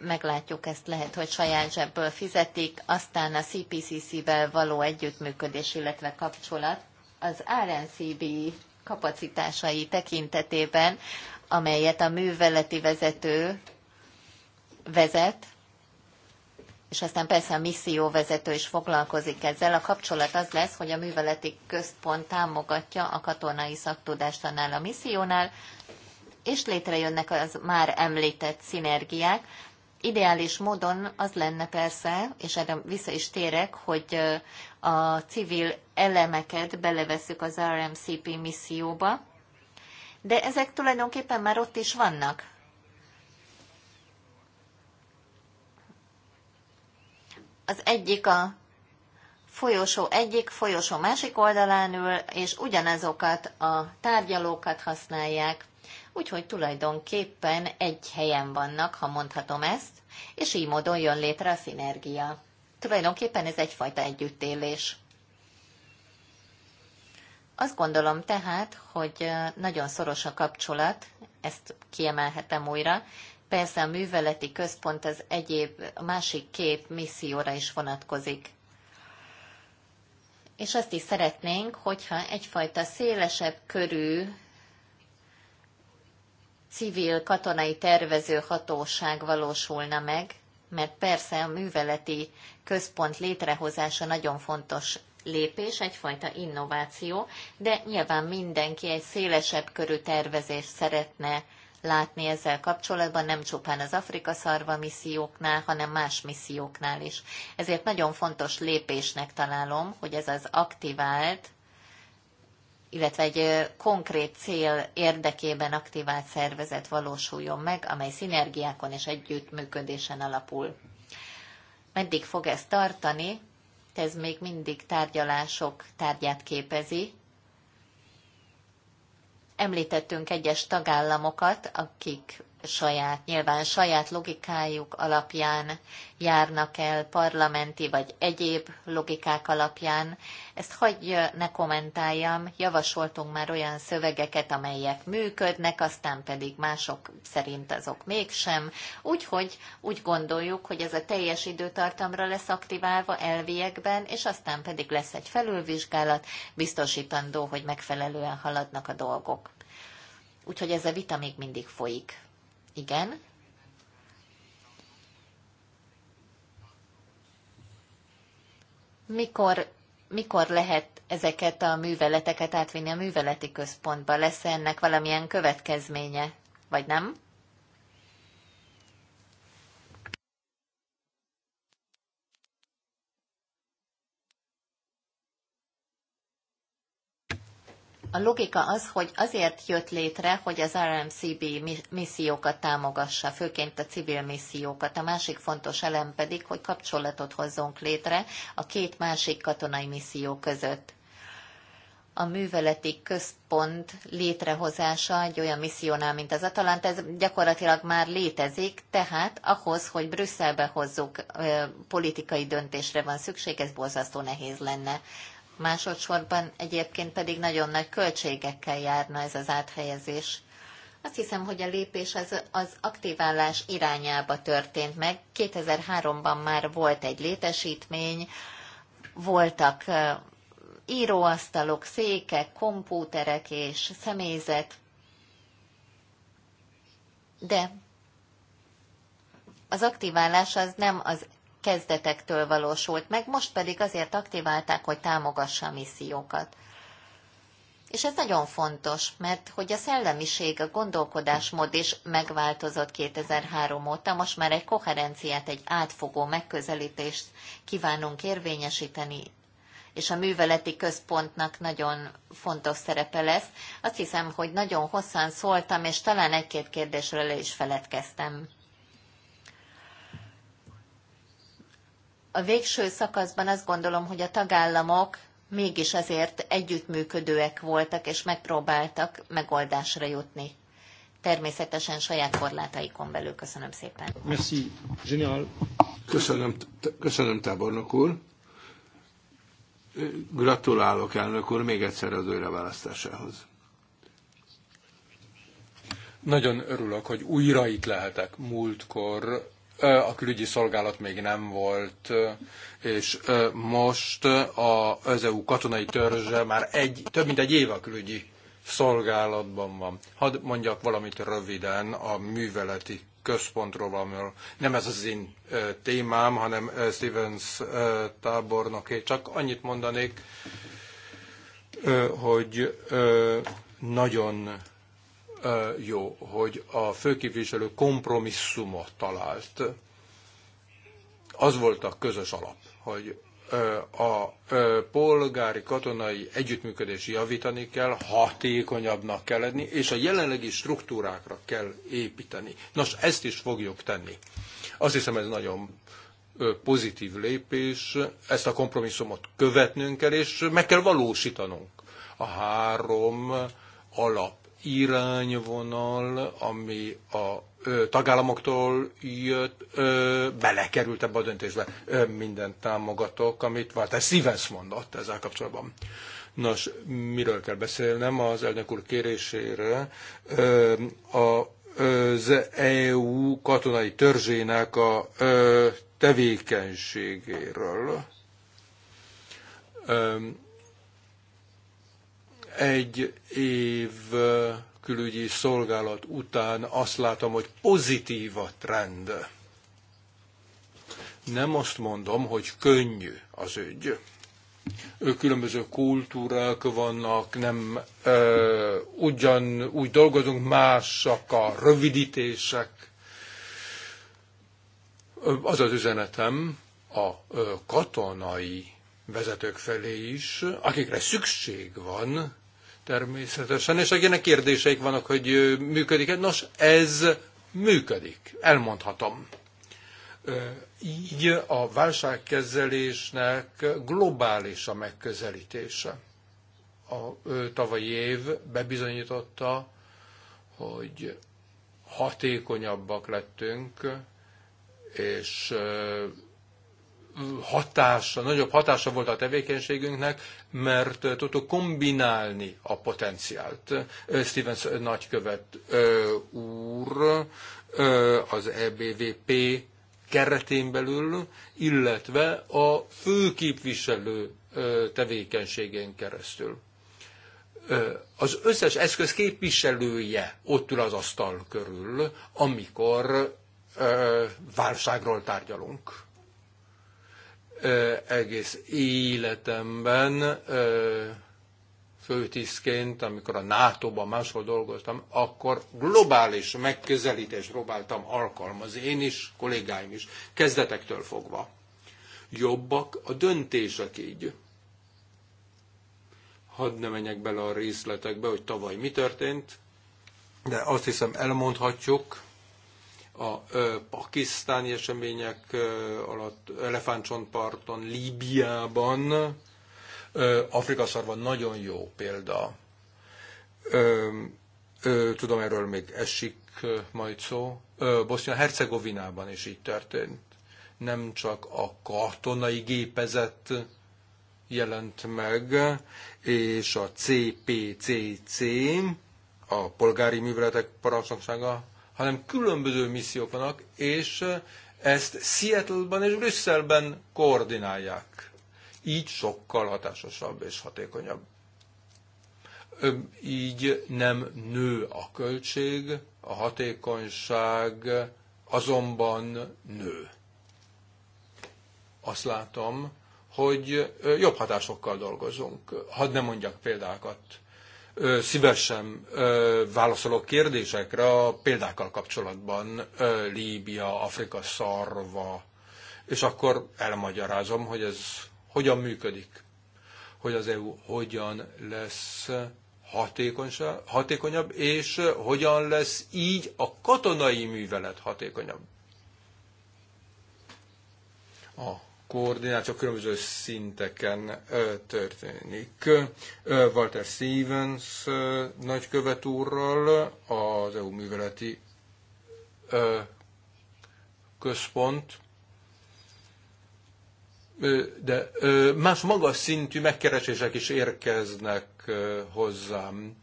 meglátjuk, ezt lehet, hogy saját zsebből fizetik, aztán a CPCC-vel való együttműködés, illetve kapcsolat az RNCB kapacitásai tekintetében, amelyet a műveleti vezető vezet, és aztán persze a misszióvezető is foglalkozik ezzel. A kapcsolat az lesz, hogy a műveleti központ támogatja a katonai szaktudást annál a missziónál, és létrejönnek az már említett szinergiák. Ideális módon az lenne persze, és erre vissza is térek, hogy a civil elemeket beleveszük az RMCP misszióba, de ezek tulajdonképpen már ott is vannak. az egyik a folyosó egyik, folyosó másik oldalán ül, és ugyanazokat a tárgyalókat használják, úgyhogy tulajdonképpen egy helyen vannak, ha mondhatom ezt, és így módon jön létre a szinergia. Tulajdonképpen ez egyfajta együttélés. Azt gondolom tehát, hogy nagyon szoros a kapcsolat, ezt kiemelhetem újra, Persze a műveleti központ az egyéb, a másik két misszióra is vonatkozik. És azt is szeretnénk, hogyha egyfajta szélesebb körű civil katonai tervező hatóság valósulna meg, mert persze a műveleti központ létrehozása nagyon fontos lépés, egyfajta innováció, de nyilván mindenki egy szélesebb körű tervezést szeretne látni ezzel kapcsolatban, nem csupán az Afrika szarva misszióknál, hanem más misszióknál is. Ezért nagyon fontos lépésnek találom, hogy ez az aktivált, illetve egy konkrét cél érdekében aktivált szervezet valósuljon meg, amely szinergiákon és együttműködésen alapul. Meddig fog ez tartani? Ez még mindig tárgyalások tárgyát képezi, Említettünk egyes tagállamokat, akik saját, nyilván saját logikájuk alapján járnak el, parlamenti vagy egyéb logikák alapján. Ezt hagyj ne kommentáljam, javasoltunk már olyan szövegeket, amelyek működnek, aztán pedig mások szerint azok mégsem. Úgyhogy úgy gondoljuk, hogy ez a teljes időtartamra lesz aktiválva elviekben, és aztán pedig lesz egy felülvizsgálat, biztosítandó, hogy megfelelően haladnak a dolgok. Úgyhogy ez a vita még mindig folyik. Igen. Mikor, mikor lehet ezeket a műveleteket átvinni a műveleti központba? Lesz -e ennek valamilyen következménye, vagy nem? A logika az, hogy azért jött létre, hogy az RMCB missziókat támogassa, főként a civil missziókat. A másik fontos elem pedig, hogy kapcsolatot hozzunk létre a két másik katonai misszió között a műveleti központ létrehozása egy olyan missziónál, mint az Atalant, ez gyakorlatilag már létezik, tehát ahhoz, hogy Brüsszelbe hozzuk, politikai döntésre van szükség, ez borzasztó nehéz lenne másodszorban egyébként pedig nagyon nagy költségekkel járna ez az áthelyezés. Azt hiszem, hogy a lépés az, az aktiválás irányába történt meg. 2003-ban már volt egy létesítmény, voltak íróasztalok, székek, kompúterek és személyzet, de az aktiválás az nem az kezdetektől valósult meg, most pedig azért aktiválták, hogy támogassa a missziókat. És ez nagyon fontos, mert hogy a szellemiség, a gondolkodásmód is megváltozott 2003 óta, most már egy koherenciát, egy átfogó megközelítést kívánunk érvényesíteni, és a műveleti központnak nagyon fontos szerepe lesz. Azt hiszem, hogy nagyon hosszan szóltam, és talán egy-két kérdésről is feledkeztem. A végső szakaszban azt gondolom, hogy a tagállamok mégis azért együttműködőek voltak, és megpróbáltak megoldásra jutni. Természetesen saját korlátaikon belül. Köszönöm szépen. Merci, génial. Köszönöm, köszönöm tábornok úr. Gratulálok, elnök úr, még egyszer az újraválasztásához. Nagyon örülök, hogy újra itt lehetek. Múltkor a külügyi szolgálat még nem volt, és most az EU katonai törzse már egy, több mint egy éve a külügyi szolgálatban van. Hadd mondjak valamit röviden a műveleti központról, amiről nem ez az én témám, hanem Stevens tábornoké. Csak annyit mondanék, hogy nagyon jó, hogy a főképviselő kompromisszumot talált. Az volt a közös alap, hogy a polgári katonai együttműködés javítani kell, hatékonyabbnak kell lenni, és a jelenlegi struktúrákra kell építeni. Nos, ezt is fogjuk tenni. Azt hiszem, ez nagyon pozitív lépés, ezt a kompromisszumot követnünk kell, és meg kell valósítanunk. A három alap irányvonal, ami a ö, tagállamoktól jött, ö, belekerült ebbe a döntésbe. Ö, mindent támogatok, amit Walter Stevens mondott ezzel kapcsolatban. Nos, miről kell beszélnem? Az elnök úr kérésére ö, a, az EU katonai törzsének a ö, tevékenységéről. Ö, egy év külügyi szolgálat után azt látom, hogy pozitív a trend. Nem azt mondom, hogy könnyű az ügy. Különböző kultúrák vannak, nem ö, ugyan úgy dolgozunk, másak a rövidítések. Az az üzenetem a katonai vezetők felé is, akikre szükség van, természetesen, és akinek kérdéseik vannak, hogy működik-e. Nos, ez működik, elmondhatom. Így a válságkezelésnek globális a megközelítése. A tavalyi év bebizonyította, hogy hatékonyabbak lettünk, és hatása, nagyobb hatása volt a tevékenységünknek, mert tudtuk kombinálni a potenciált. Stevens nagykövet úr az EBVP keretén belül, illetve a főképviselő tevékenységén keresztül. Az összes eszköz képviselője ott ül az asztal körül, amikor válságról tárgyalunk egész életemben főtiszként, amikor a NATO-ban máshol dolgoztam, akkor globális megközelítést próbáltam alkalmazni, én is, kollégáim is, kezdetektől fogva. Jobbak a döntések így. Hadd ne menjek bele a részletekbe, hogy tavaly mi történt, de azt hiszem elmondhatjuk, a pakisztáni események alatt, Elefántcsontparton, Líbiában, Afrika szarva nagyon jó példa. Tudom, erről még esik majd szó. Bosznia-Hercegovinában is így történt. Nem csak a katonai gépezet jelent meg, és a CPCC, a Polgári Műveletek Parancsnoksága hanem különböző missziók vannak, és ezt Seattle-ban és Brüsszelben koordinálják. Így sokkal hatásosabb és hatékonyabb. Így nem nő a költség, a hatékonyság azonban nő. Azt látom, hogy jobb hatásokkal dolgozunk. Hadd ne mondjak példákat szívesen válaszolok kérdésekre a példákkal kapcsolatban Líbia, Afrika szarva, és akkor elmagyarázom, hogy ez hogyan működik, hogy az EU hogyan lesz hatékonyabb, és hogyan lesz így a katonai művelet hatékonyabb. A koordináció különböző szinteken történik. Walter Stevens nagykövet úrral az EU műveleti központ, de más magas szintű megkeresések is érkeznek hozzám.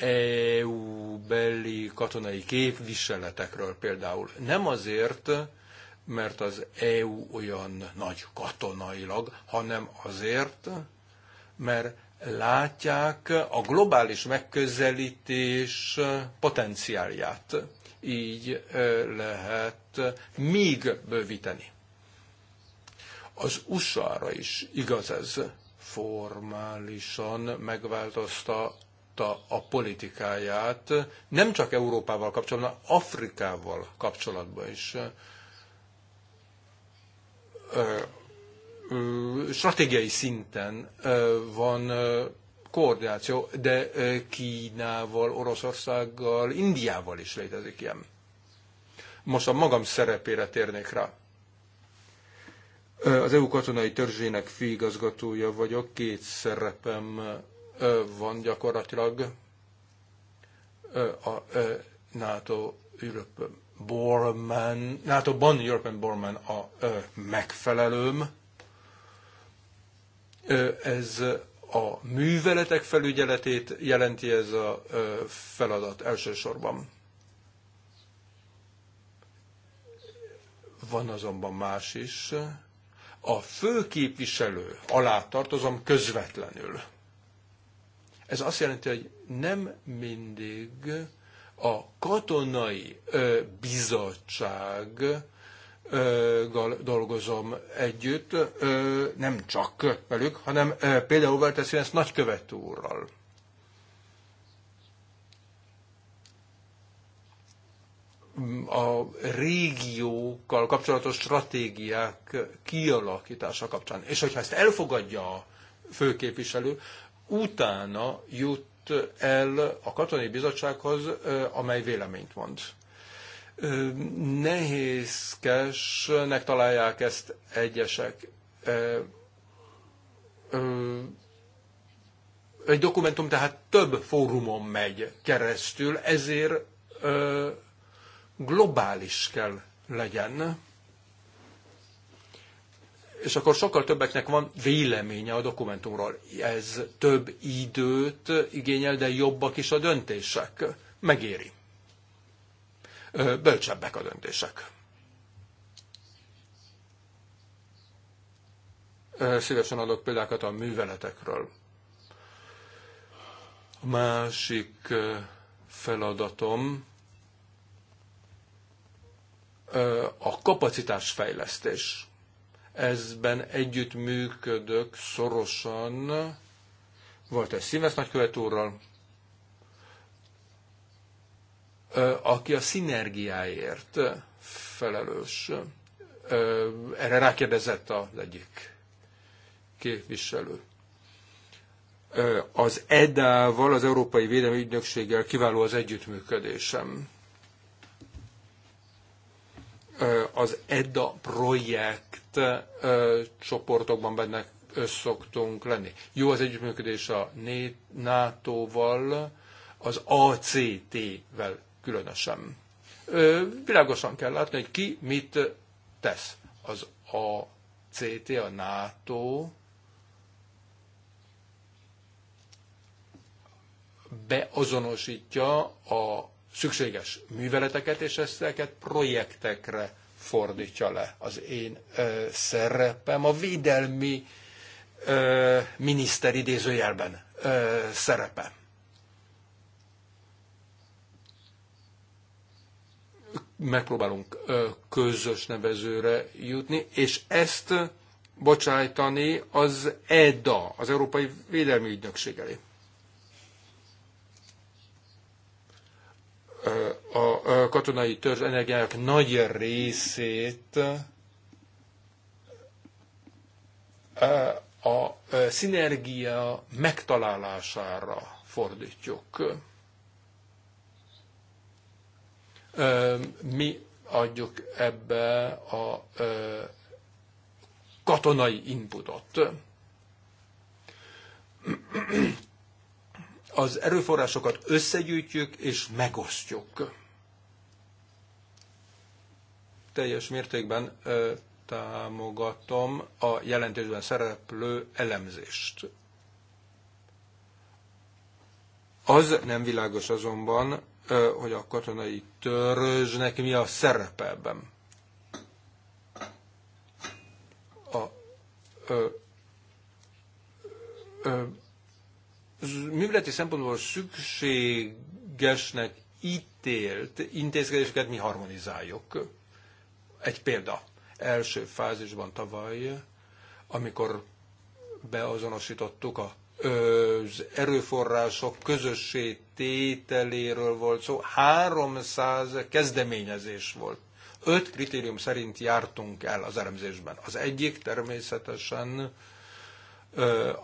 EU-beli katonai képviseletekről például. Nem azért, mert az EU olyan nagy katonailag, hanem azért, mert látják a globális megközelítés potenciálját. Így lehet még bővíteni. Az USA-ra is igaz ez. Formálisan megváltozta a politikáját, nem csak Európával kapcsolatban, Afrikával kapcsolatban is stratégiai szinten van koordináció, de Kínával, Oroszországgal, Indiával is létezik ilyen. Most a magam szerepére térnék rá. Az EU katonai törzsének főigazgatója vagyok, két szerepem van gyakorlatilag a NATO ülöpöm. Borman, NATO-ban hát Jörgen Borman a ö, megfelelőm. Ö, ez a műveletek felügyeletét jelenti ez a ö, feladat elsősorban. Van azonban más is. A főképviselő alá tartozom közvetlenül. Ez azt jelenti, hogy nem mindig a katonai ö, bizottság gal dolgozom együtt, nem csak velük, hanem például Walter ezt nagykövető úrral. a régiókkal kapcsolatos stratégiák kialakítása kapcsán. És hogyha ezt elfogadja a főképviselő, utána jut el a katonai bizottsághoz, amely véleményt mond. Nehézkesnek találják ezt egyesek. Egy dokumentum tehát több fórumon megy keresztül, ezért globális kell legyen és akkor sokkal többeknek van véleménye a dokumentumról. Ez több időt igényel, de jobbak is a döntések. Megéri. Bölcsebbek a döntések. Szívesen adok példákat a műveletekről. A másik feladatom a kapacitásfejlesztés ezben együttműködök szorosan volt egy színvesz nagykövet úrral, aki a szinergiáért felelős. Erre rákérdezett az egyik képviselő. Az EDA-val, az Európai Védelmi Ügynökséggel kiváló az együttműködésem az EDA projekt csoportokban benne szoktunk lenni. Jó az együttműködés a NATO-val, az ACT-vel különösen. Világosan kell látni, hogy ki mit tesz. Az ACT, a NATO beazonosítja a szükséges műveleteket, és ezeket projektekre fordítja le. Az én ö, szerepem a védelmi ö, miniszter idézőjelben ö, szerepe. Megpróbálunk ö, közös nevezőre jutni, és ezt bocsájtani az EDA, az Európai Védelmi Ügynökség elé. a katonai törzs energiának nagy részét eh, a eh, szinergia megtalálására fordítjuk. Eh, mi adjuk ebbe a katonai inputot. Az erőforrásokat összegyűjtjük és megosztjuk teljes mértékben támogatom a jelentésben szereplő elemzést. Az nem világos azonban, hogy a katonai törzsnek mi a szerepe ebben. A, ö, ö, műveleti szempontból szükségesnek ítélt intézkedéseket mi harmonizáljuk. Egy példa. Első fázisban tavaly, amikor beazonosítottuk a az erőforrások közössé tételéről volt szó, 300 kezdeményezés volt. Öt kritérium szerint jártunk el az elemzésben. Az egyik természetesen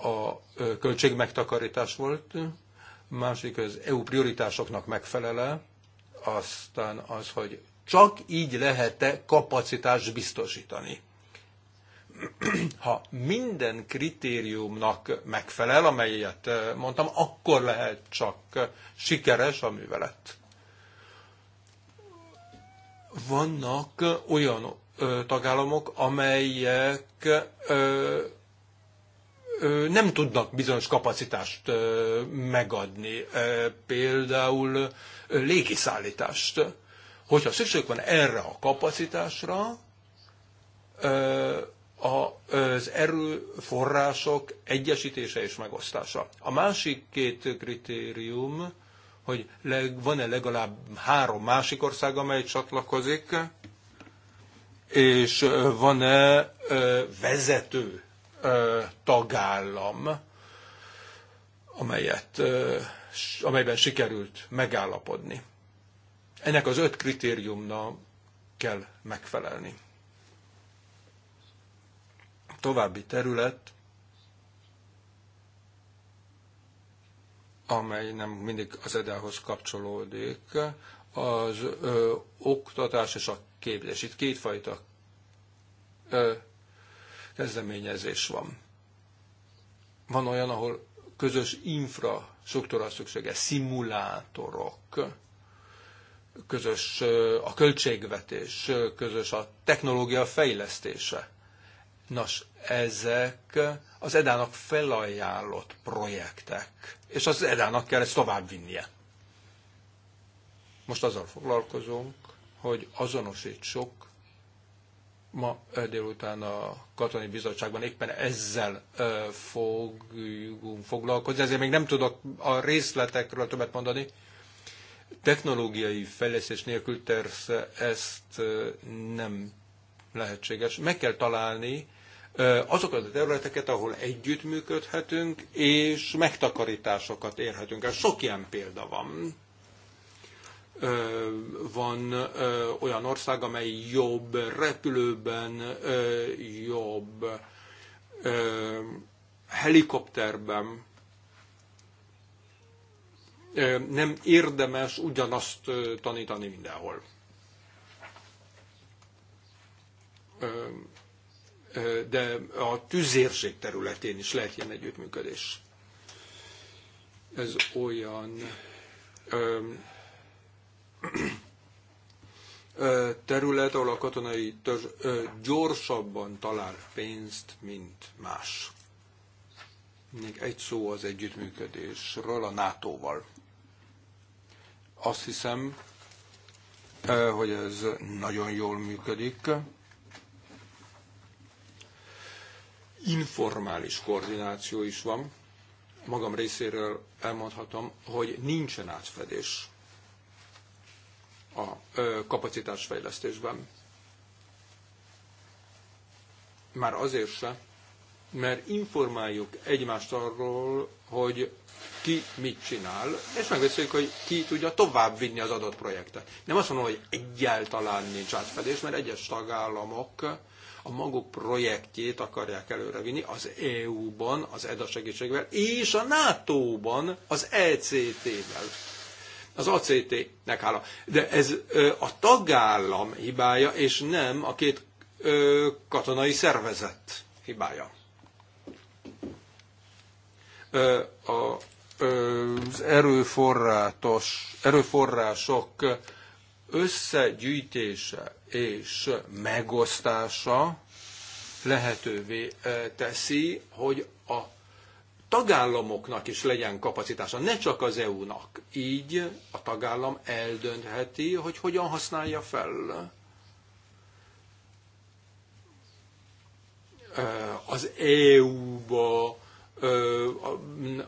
a költségmegtakarítás volt, másik az EU prioritásoknak megfelele, aztán az, hogy csak így lehet-e kapacitást biztosítani. Ha minden kritériumnak megfelel, amelyet eh, mondtam, akkor lehet csak eh, sikeres a művelet. Vannak eh, olyan tagállamok, amelyek nem tudnak bizonyos kapacitást megadni, például légiszállítást. Hogyha szükség van erre a kapacitásra, az erőforrások egyesítése és megosztása. A másik két kritérium, hogy van-e legalább három másik ország, amely csatlakozik, és van-e vezető tagállam, amelyet, amelyben sikerült megállapodni. Ennek az öt kritériumnak kell megfelelni. További terület, amely nem mindig az edához kapcsolódik, az ö, oktatás és a képzés. Itt kétfajta ö, kezdeményezés van. Van olyan, ahol közös infrastruktúra szükséges, szimulátorok, közös a költségvetés, közös a technológia fejlesztése. Nos, ezek az edának felajánlott projektek, és az edának kell ezt vinnie. Most azzal foglalkozunk, hogy azonosítsuk ma délután a katonai bizottságban éppen ezzel fogunk foglalkozni, ezért még nem tudok a részletekről többet mondani, technológiai fejlesztés nélkül persze ezt nem lehetséges. Meg kell találni azokat a területeket, ahol együttműködhetünk, és megtakarításokat érhetünk el. Sok ilyen példa van. Van olyan ország, amely jobb repülőben, jobb helikopterben, nem érdemes ugyanazt tanítani mindenhol. De a tűzérség területén is lehet ilyen együttműködés. Ez olyan terület, ahol a katonai törzs gyorsabban talál pénzt, mint más. Még egy szó az együttműködésről a NATO-val azt hiszem, eh, hogy ez nagyon jól működik. Informális koordináció is van. Magam részéről elmondhatom, hogy nincsen átfedés a eh, kapacitásfejlesztésben. Már azért se, mert informáljuk egymást arról, hogy ki mit csinál, és megbeszéljük, hogy ki tudja tovább vinni az adott projektet. Nem azt mondom, hogy egyáltalán nincs átfedés, mert egyes tagállamok a maguk projektjét akarják előrevinni az EU-ban, az EDA segítségvel, és a NATO-ban, az ECT-vel. Az ACT-nek hála. De ez a tagállam hibája, és nem a két katonai szervezet hibája a az erőforrátos, erőforrások összegyűjtése és megosztása lehetővé teszi, hogy a tagállamoknak is legyen kapacitása, ne csak az EU-nak. Így a tagállam eldöntheti, hogy hogyan használja fel az EU-ba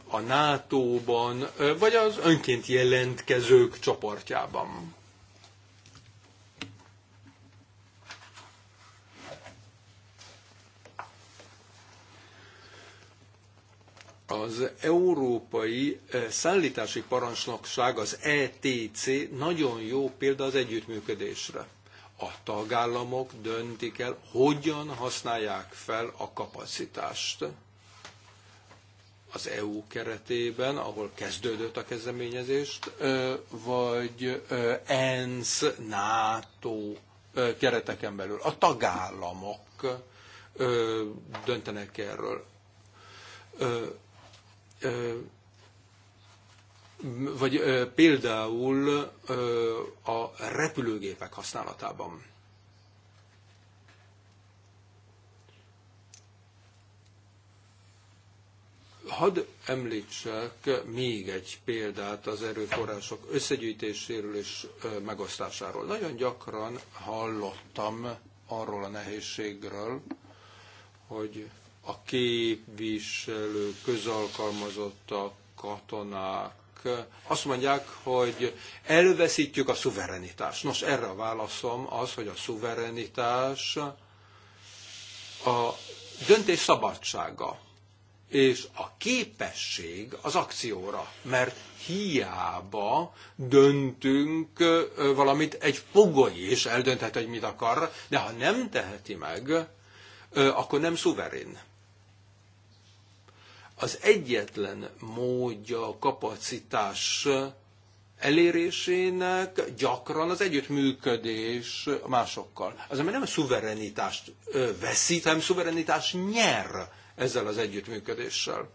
a NATO-ban, vagy az önként jelentkezők csoportjában. Az Európai Szállítási Parancsnokság, az ETC nagyon jó példa az együttműködésre. A tagállamok döntik el, hogyan használják fel a kapacitást az EU keretében, ahol kezdődött a kezdeményezést, vagy ENSZ, NATO kereteken belül. A tagállamok döntenek erről vagy például a repülőgépek használatában. Hadd említsek még egy példát az erőforrások összegyűjtéséről és megosztásáról. Nagyon gyakran hallottam arról a nehézségről, hogy a képviselő, közalkalmazottak, katonák azt mondják, hogy elveszítjük a szuverenitást. Nos, erre a válaszom az, hogy a szuverenitás a döntés szabadsága és a képesség az akcióra, mert hiába döntünk valamit, egy fogoly is eldönthet, hogy mit akar, de ha nem teheti meg, akkor nem szuverén. Az egyetlen módja a kapacitás elérésének gyakran az együttműködés másokkal. Az, ember nem a szuverenitást veszít, hanem szuverenitást nyer ezzel az együttműködéssel.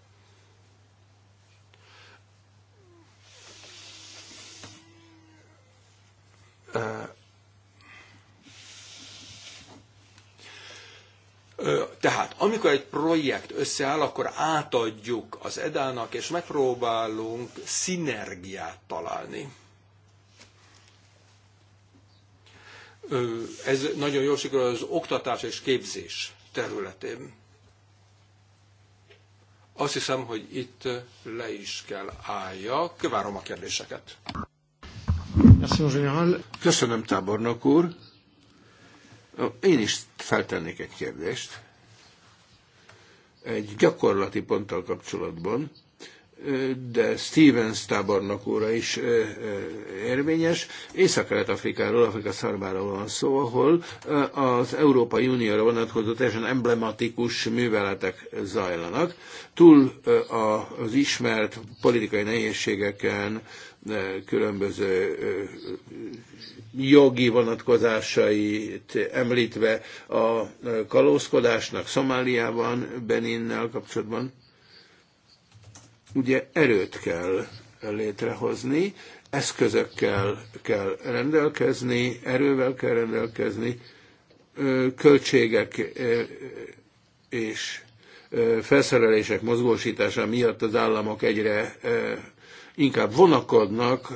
Tehát, amikor egy projekt összeáll, akkor átadjuk az edának, és megpróbálunk szinergiát találni. Ez nagyon jól sikerül az oktatás és képzés területén. Azt hiszem, hogy itt le is kell álljak. Várom a kérdéseket. Köszönöm, tábornok úr. Én is feltennék egy kérdést. Egy gyakorlati ponttal kapcsolatban de Stevens tábornok úra is érvényes. Észak-Kelet-Afrikáról, Afrika szarmáról van szó, ahol az Európai Unióra vonatkozó teljesen emblematikus műveletek zajlanak. Túl az ismert politikai nehézségeken, különböző jogi vonatkozásait említve a kalózkodásnak Szomáliában, Beninnel kapcsolatban, ugye erőt kell létrehozni, eszközökkel kell rendelkezni, erővel kell rendelkezni, költségek és felszerelések mozgósítása miatt az államok egyre inkább vonakodnak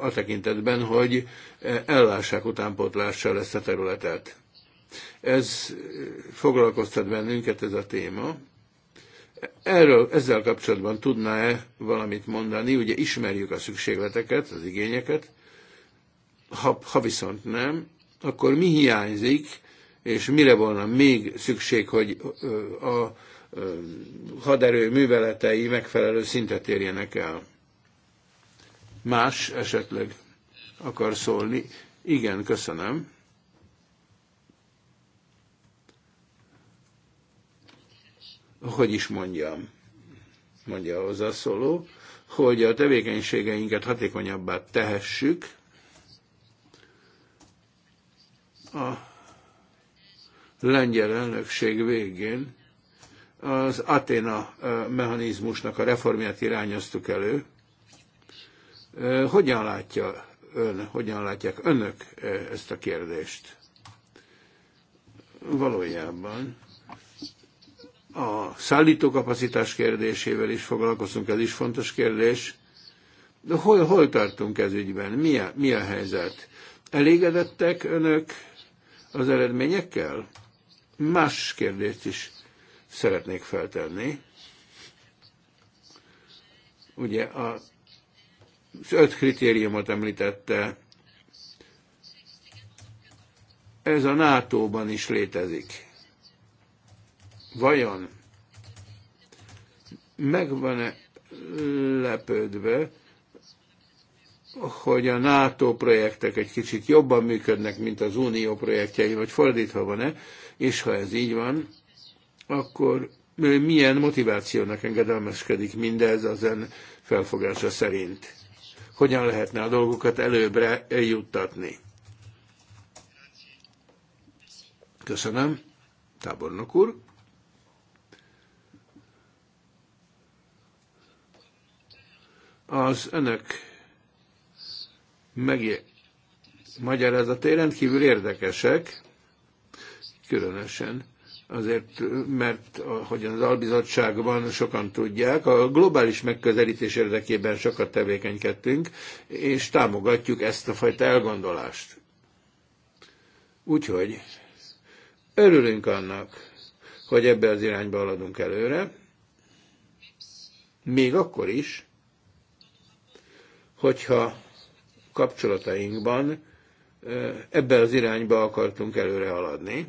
a tekintetben, hogy ellássák utánpótlással ezt a területet. Ez foglalkoztat bennünket ez a téma, Erről, ezzel kapcsolatban tudná-e valamit mondani? Ugye ismerjük a szükségleteket, az igényeket. Ha, ha viszont nem, akkor mi hiányzik, és mire volna még szükség, hogy a haderő műveletei megfelelő szintet érjenek el? Más esetleg akar szólni? Igen, köszönöm. hogy is mondjam, mondja a hozzászóló, hogy a tevékenységeinket hatékonyabbá tehessük, a lengyel elnökség végén az Athéna mechanizmusnak a reformját irányoztuk elő. Hogyan látja ön, hogyan látják önök ezt a kérdést? Valójában a szállítókapacitás kérdésével is foglalkozunk, ez is fontos kérdés. De hol, hol tartunk ez ügyben? Mi a, mi a helyzet? Elégedettek önök az eredményekkel? Más kérdést is szeretnék feltenni. Ugye a, az öt kritériumot említette, ez a NATO-ban is létezik Vajon megvan-e lepődve, hogy a NATO projektek egy kicsit jobban működnek, mint az Unió projektjei, vagy fordítva van-e, és ha ez így van, akkor milyen motivációnak engedelmeskedik mindez az ön felfogása szerint? Hogyan lehetne a dolgokat előbbre juttatni? Köszönöm, tábornok úr. Az önök meg magyarázatai rendkívül érdekesek, különösen azért, mert ahogy az albizottságban sokan tudják, a globális megközelítés érdekében sokat tevékenykedtünk, és támogatjuk ezt a fajta elgondolást. Úgyhogy örülünk annak, hogy ebbe az irányba haladunk előre, még akkor is, hogyha kapcsolatainkban ebbe az irányba akartunk előre haladni.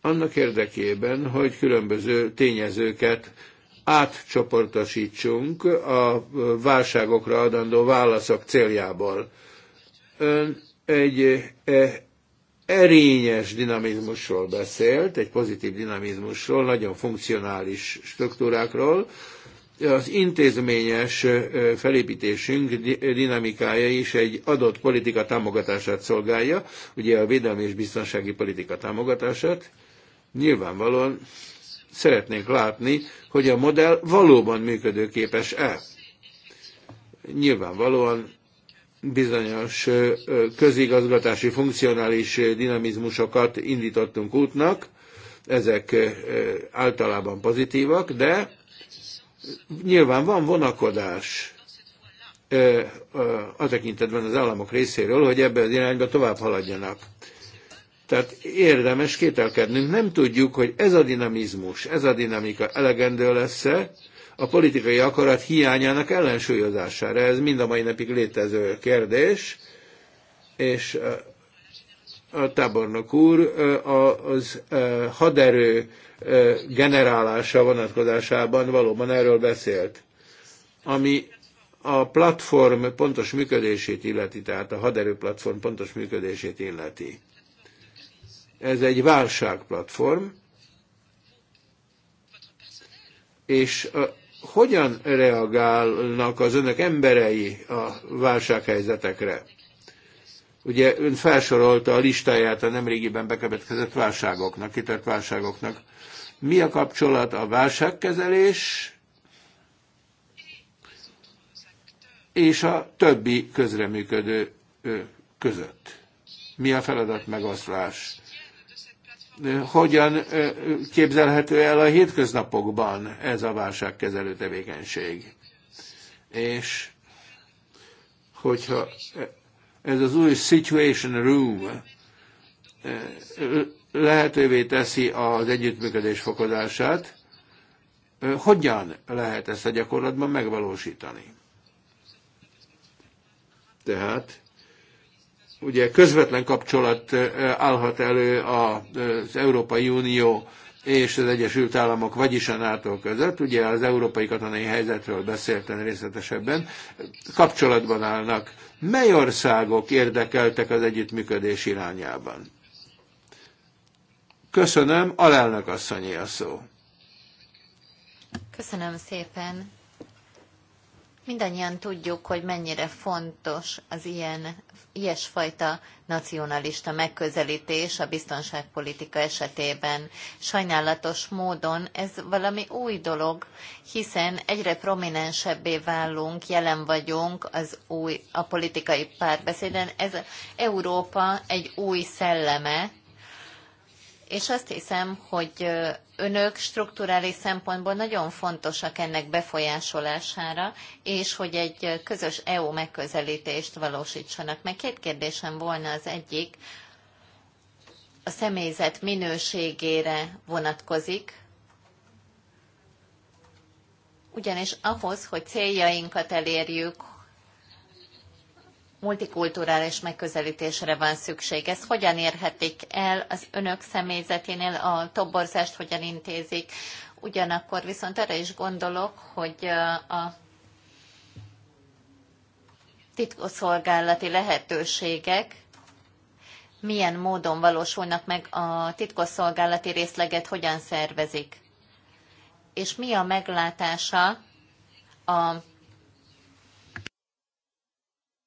Annak érdekében, hogy különböző tényezőket átcsoportosítsunk a válságokra adandó válaszok céljából. Ön egy e, erényes dinamizmusról beszélt, egy pozitív dinamizmusról, nagyon funkcionális struktúrákról, az intézményes felépítésünk dinamikája is egy adott politika támogatását szolgálja, ugye a védelmi és biztonsági politika támogatását. Nyilvánvalóan szeretnénk látni, hogy a modell valóban működőképes-e. Nyilvánvalóan bizonyos közigazgatási funkcionális dinamizmusokat indítottunk útnak, ezek általában pozitívak, de Nyilván van vonakodás a tekintetben az államok részéről, hogy ebbe az irányba tovább haladjanak. Tehát érdemes kételkednünk. Nem tudjuk, hogy ez a dinamizmus, ez a dinamika elegendő lesz-e a politikai akarat hiányának ellensúlyozására. Ez mind a mai napig létező kérdés, és a tábornok úr az haderő generálása vonatkozásában valóban erről beszélt. Ami a platform pontos működését illeti, tehát a haderő platform pontos működését illeti. Ez egy válságplatform, és hogyan reagálnak az önök emberei a válsághelyzetekre? Ugye ön felsorolta a listáját a nemrégiben bekövetkezett válságoknak, kitört válságoknak. Mi a kapcsolat a válságkezelés és a többi közreműködő között? Mi a feladat megoszlás? Hogyan képzelhető el a hétköznapokban ez a válságkezelő tevékenység? És hogyha ez az új Situation Room eh, lehetővé teszi az együttműködés fokozását. Eh, hogyan lehet ezt a gyakorlatban megvalósítani? Tehát ugye közvetlen kapcsolat eh, állhat elő az Európai Unió és az Egyesült Államok, vagyis a NATO között, ugye az európai katonai helyzetről beszéltem részletesebben, kapcsolatban állnak. Mely országok érdekeltek az együttműködés irányában? Köszönöm, alelnök asszonyi a szó. Köszönöm szépen. Mindannyian tudjuk, hogy mennyire fontos az ilyen, ilyesfajta nacionalista megközelítés a biztonságpolitika esetében. Sajnálatos módon ez valami új dolog, hiszen egyre prominensebbé válunk, jelen vagyunk az új, a politikai párbeszéden. Ez Európa egy új szelleme, és azt hiszem, hogy önök strukturális szempontból nagyon fontosak ennek befolyásolására, és hogy egy közös EU megközelítést valósítsanak. Meg két kérdésem volna az egyik, a személyzet minőségére vonatkozik, ugyanis ahhoz, hogy céljainkat elérjük, multikulturális megközelítésre van szükség. Ezt hogyan érhetik el az önök személyzeténél, a toborzást hogyan intézik? Ugyanakkor viszont arra is gondolok, hogy a titkosszolgálati lehetőségek milyen módon valósulnak meg, a titkosszolgálati részleget hogyan szervezik, és mi a meglátása a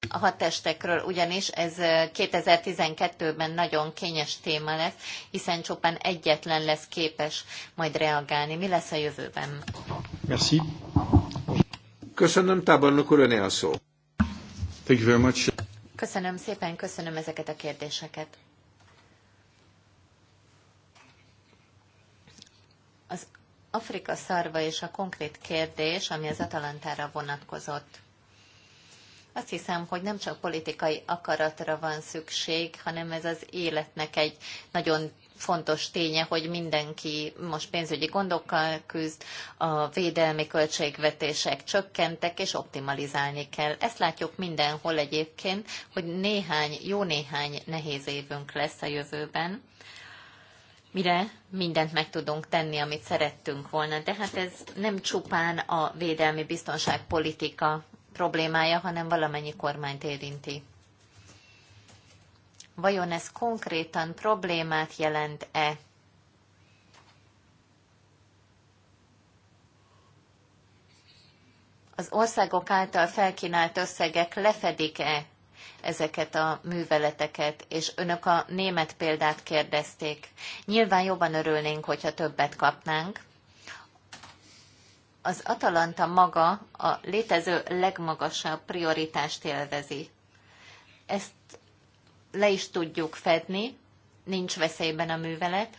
a hatestekről, ugyanis ez 2012-ben nagyon kényes téma lesz, hiszen csupán egyetlen lesz képes majd reagálni. Mi lesz a jövőben? Merci. Köszönöm, tábornok úr, a szó. Thank you very much. Köszönöm szépen, köszönöm ezeket a kérdéseket. Az Afrika szarva és a konkrét kérdés, ami az Atalantára vonatkozott. Azt hiszem, hogy nem csak politikai akaratra van szükség, hanem ez az életnek egy nagyon fontos ténye, hogy mindenki most pénzügyi gondokkal küzd, a védelmi költségvetések csökkentek, és optimalizálni kell. Ezt látjuk mindenhol egyébként, hogy néhány, jó néhány nehéz évünk lesz a jövőben, mire mindent meg tudunk tenni, amit szerettünk volna. De hát ez nem csupán a védelmi biztonságpolitika problémája, hanem valamennyi kormányt érinti. Vajon ez konkrétan problémát jelent-e? Az országok által felkínált összegek lefedik-e ezeket a műveleteket, és önök a német példát kérdezték. Nyilván jobban örülnénk, hogyha többet kapnánk, az Atalanta maga a létező legmagasabb prioritást élvezi. Ezt le is tudjuk fedni, nincs veszélyben a művelet.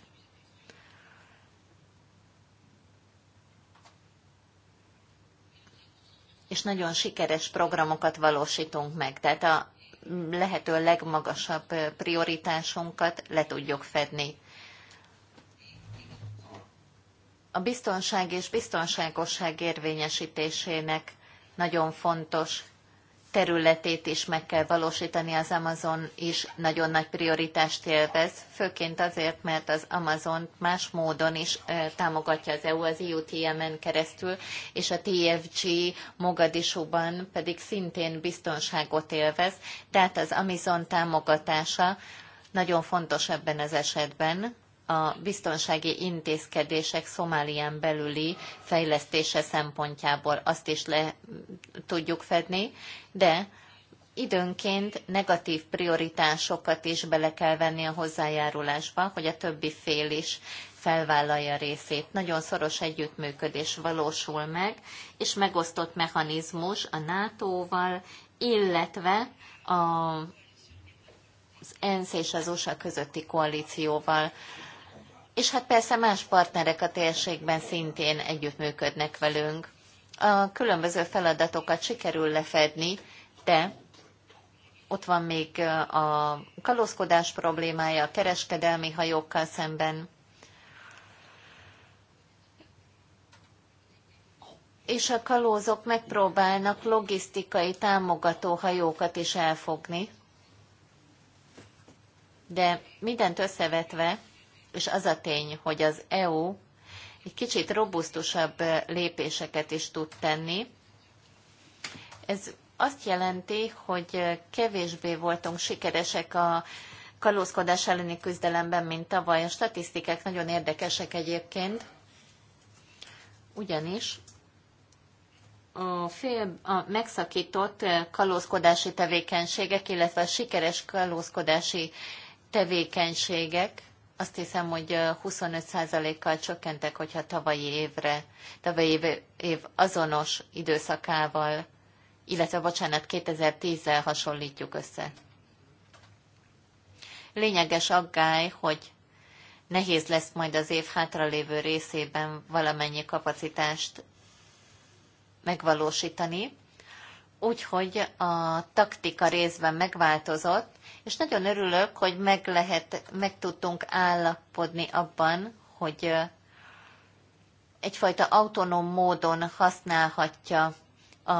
És nagyon sikeres programokat valósítunk meg, tehát a lehető legmagasabb prioritásunkat le tudjuk fedni a biztonság és biztonságosság érvényesítésének nagyon fontos területét is meg kell valósítani, az Amazon is nagyon nagy prioritást élvez, főként azért, mert az Amazon más módon is támogatja az EU az eutm en keresztül, és a TFG Mogadisúban pedig szintén biztonságot élvez, tehát az Amazon támogatása nagyon fontos ebben az esetben, a biztonsági intézkedések Szomálián belüli fejlesztése szempontjából azt is le tudjuk fedni, de időnként negatív prioritásokat is bele kell venni a hozzájárulásba, hogy a többi fél is felvállalja részét. Nagyon szoros együttműködés valósul meg, és megosztott mechanizmus a NATO-val, illetve a, az ENSZ és az USA közötti koalícióval és hát persze más partnerek a térségben szintén együttműködnek velünk. A különböző feladatokat sikerül lefedni, de ott van még a kalózkodás problémája a kereskedelmi hajókkal szemben. És a kalózok megpróbálnak logisztikai támogató hajókat is elfogni. De mindent összevetve, és az a tény, hogy az EU egy kicsit robusztusabb lépéseket is tud tenni. Ez azt jelenti, hogy kevésbé voltunk sikeresek a kalózkodás elleni küzdelemben, mint tavaly. A statisztikák nagyon érdekesek egyébként, ugyanis a, fél, a megszakított kalózkodási tevékenységek, illetve a sikeres kalózkodási tevékenységek azt hiszem, hogy 25%-kal csökkentek, hogyha tavalyi évre, tavalyi év, év azonos időszakával, illetve bocsánat, 2010-zel hasonlítjuk össze. Lényeges aggály, hogy nehéz lesz majd az év hátralévő részében valamennyi kapacitást megvalósítani, úgyhogy a taktika részben megváltozott, és nagyon örülök, hogy meg, lehet, meg tudtunk állapodni abban, hogy egyfajta autonóm módon használhatja a,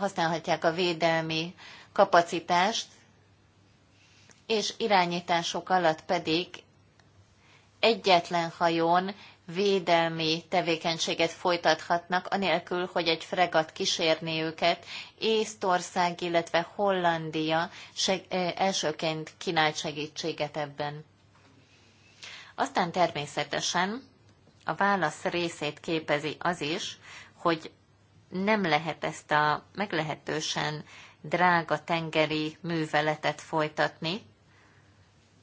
használhatják a védelmi kapacitást, és irányítások alatt pedig egyetlen hajón védelmi tevékenységet folytathatnak, anélkül, hogy egy fregat kísérné őket. Észtország, illetve Hollandia seg- elsőként kínált segítséget ebben. Aztán természetesen a válasz részét képezi az is, hogy nem lehet ezt a meglehetősen drága tengeri műveletet folytatni,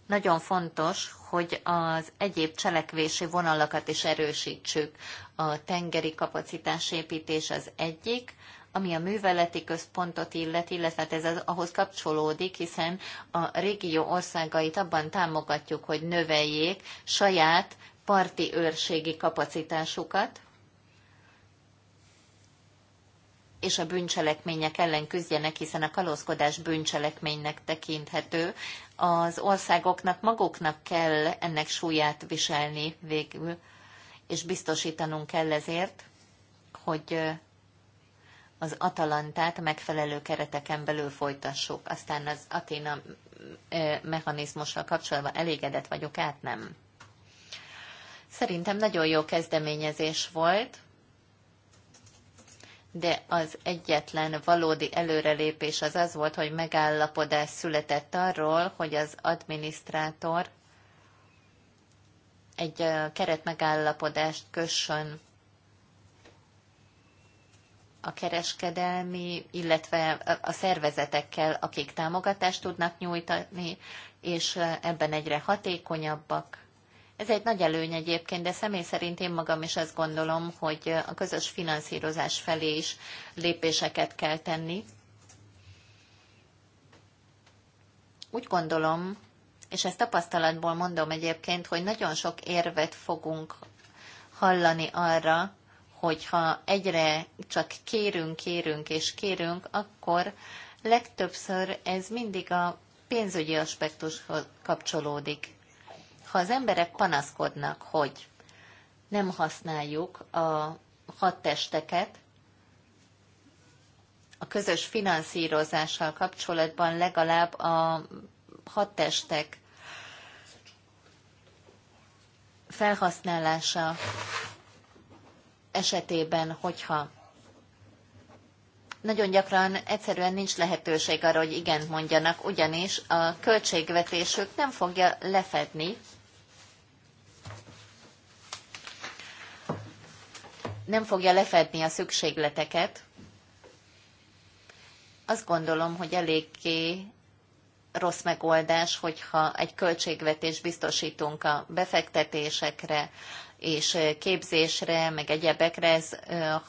nagyon fontos, hogy az egyéb cselekvési vonalakat is erősítsük. A tengeri kapacitásépítés az egyik, ami a műveleti központot illet, illetve hát ez az, ahhoz kapcsolódik, hiszen a régió országait abban támogatjuk, hogy növeljék saját parti őrségi kapacitásukat, és a bűncselekmények ellen küzdjenek, hiszen a kalózkodás bűncselekménynek tekinthető, az országoknak maguknak kell ennek súlyát viselni végül, és biztosítanunk kell ezért, hogy az Atalantát megfelelő kereteken belül folytassuk. Aztán az Aténa mechanizmussal kapcsolatban elégedett vagyok, át nem. Szerintem nagyon jó kezdeményezés volt, de az egyetlen valódi előrelépés az az volt, hogy megállapodás született arról, hogy az adminisztrátor egy keretmegállapodást kössön a kereskedelmi, illetve a szervezetekkel, akik támogatást tudnak nyújtani, és ebben egyre hatékonyabbak ez egy nagy előny egyébként, de személy szerint én magam is azt gondolom, hogy a közös finanszírozás felé is lépéseket kell tenni. Úgy gondolom, és ezt tapasztalatból mondom egyébként, hogy nagyon sok érvet fogunk hallani arra, hogyha egyre csak kérünk, kérünk és kérünk, akkor legtöbbször ez mindig a pénzügyi aspektushoz kapcsolódik ha az emberek panaszkodnak, hogy nem használjuk a testeket, a közös finanszírozással kapcsolatban legalább a testek felhasználása esetében, hogyha nagyon gyakran egyszerűen nincs lehetőség arra, hogy igent mondjanak, ugyanis a költségvetésük nem fogja lefedni nem fogja lefedni a szükségleteket, azt gondolom, hogy eléggé rossz megoldás, hogyha egy költségvetés biztosítunk a befektetésekre és képzésre, meg egyebekre, ez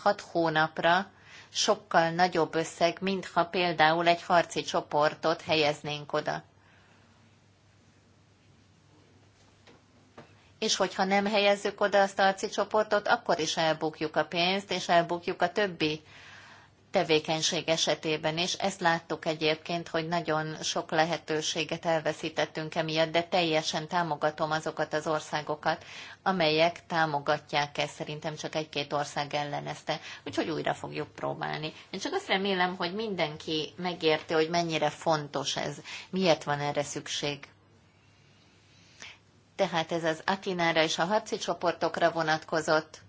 hat hónapra sokkal nagyobb összeg, mintha például egy harci csoportot helyeznénk oda. és hogyha nem helyezzük oda azt a ACI csoportot, akkor is elbukjuk a pénzt, és elbukjuk a többi tevékenység esetében is. Ezt láttuk egyébként, hogy nagyon sok lehetőséget elveszítettünk emiatt, de teljesen támogatom azokat az országokat, amelyek támogatják ezt. Szerintem csak egy-két ország ellenezte, úgyhogy újra fogjuk próbálni. Én csak azt remélem, hogy mindenki megérti, hogy mennyire fontos ez, miért van erre szükség tehát ez az Atinára és a harci csoportokra vonatkozott.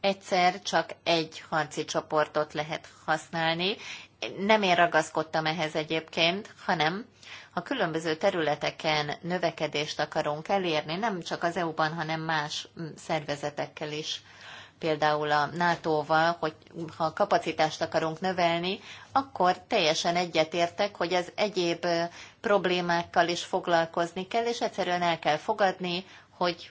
Egyszer csak egy harci csoportot lehet használni. Nem én ragaszkodtam ehhez egyébként, hanem ha különböző területeken növekedést akarunk elérni, nem csak az EU-ban, hanem más mm, szervezetekkel is például a NATO-val, hogy ha kapacitást akarunk növelni, akkor teljesen egyetértek, hogy az egyéb problémákkal is foglalkozni kell, és egyszerűen el kell fogadni, hogy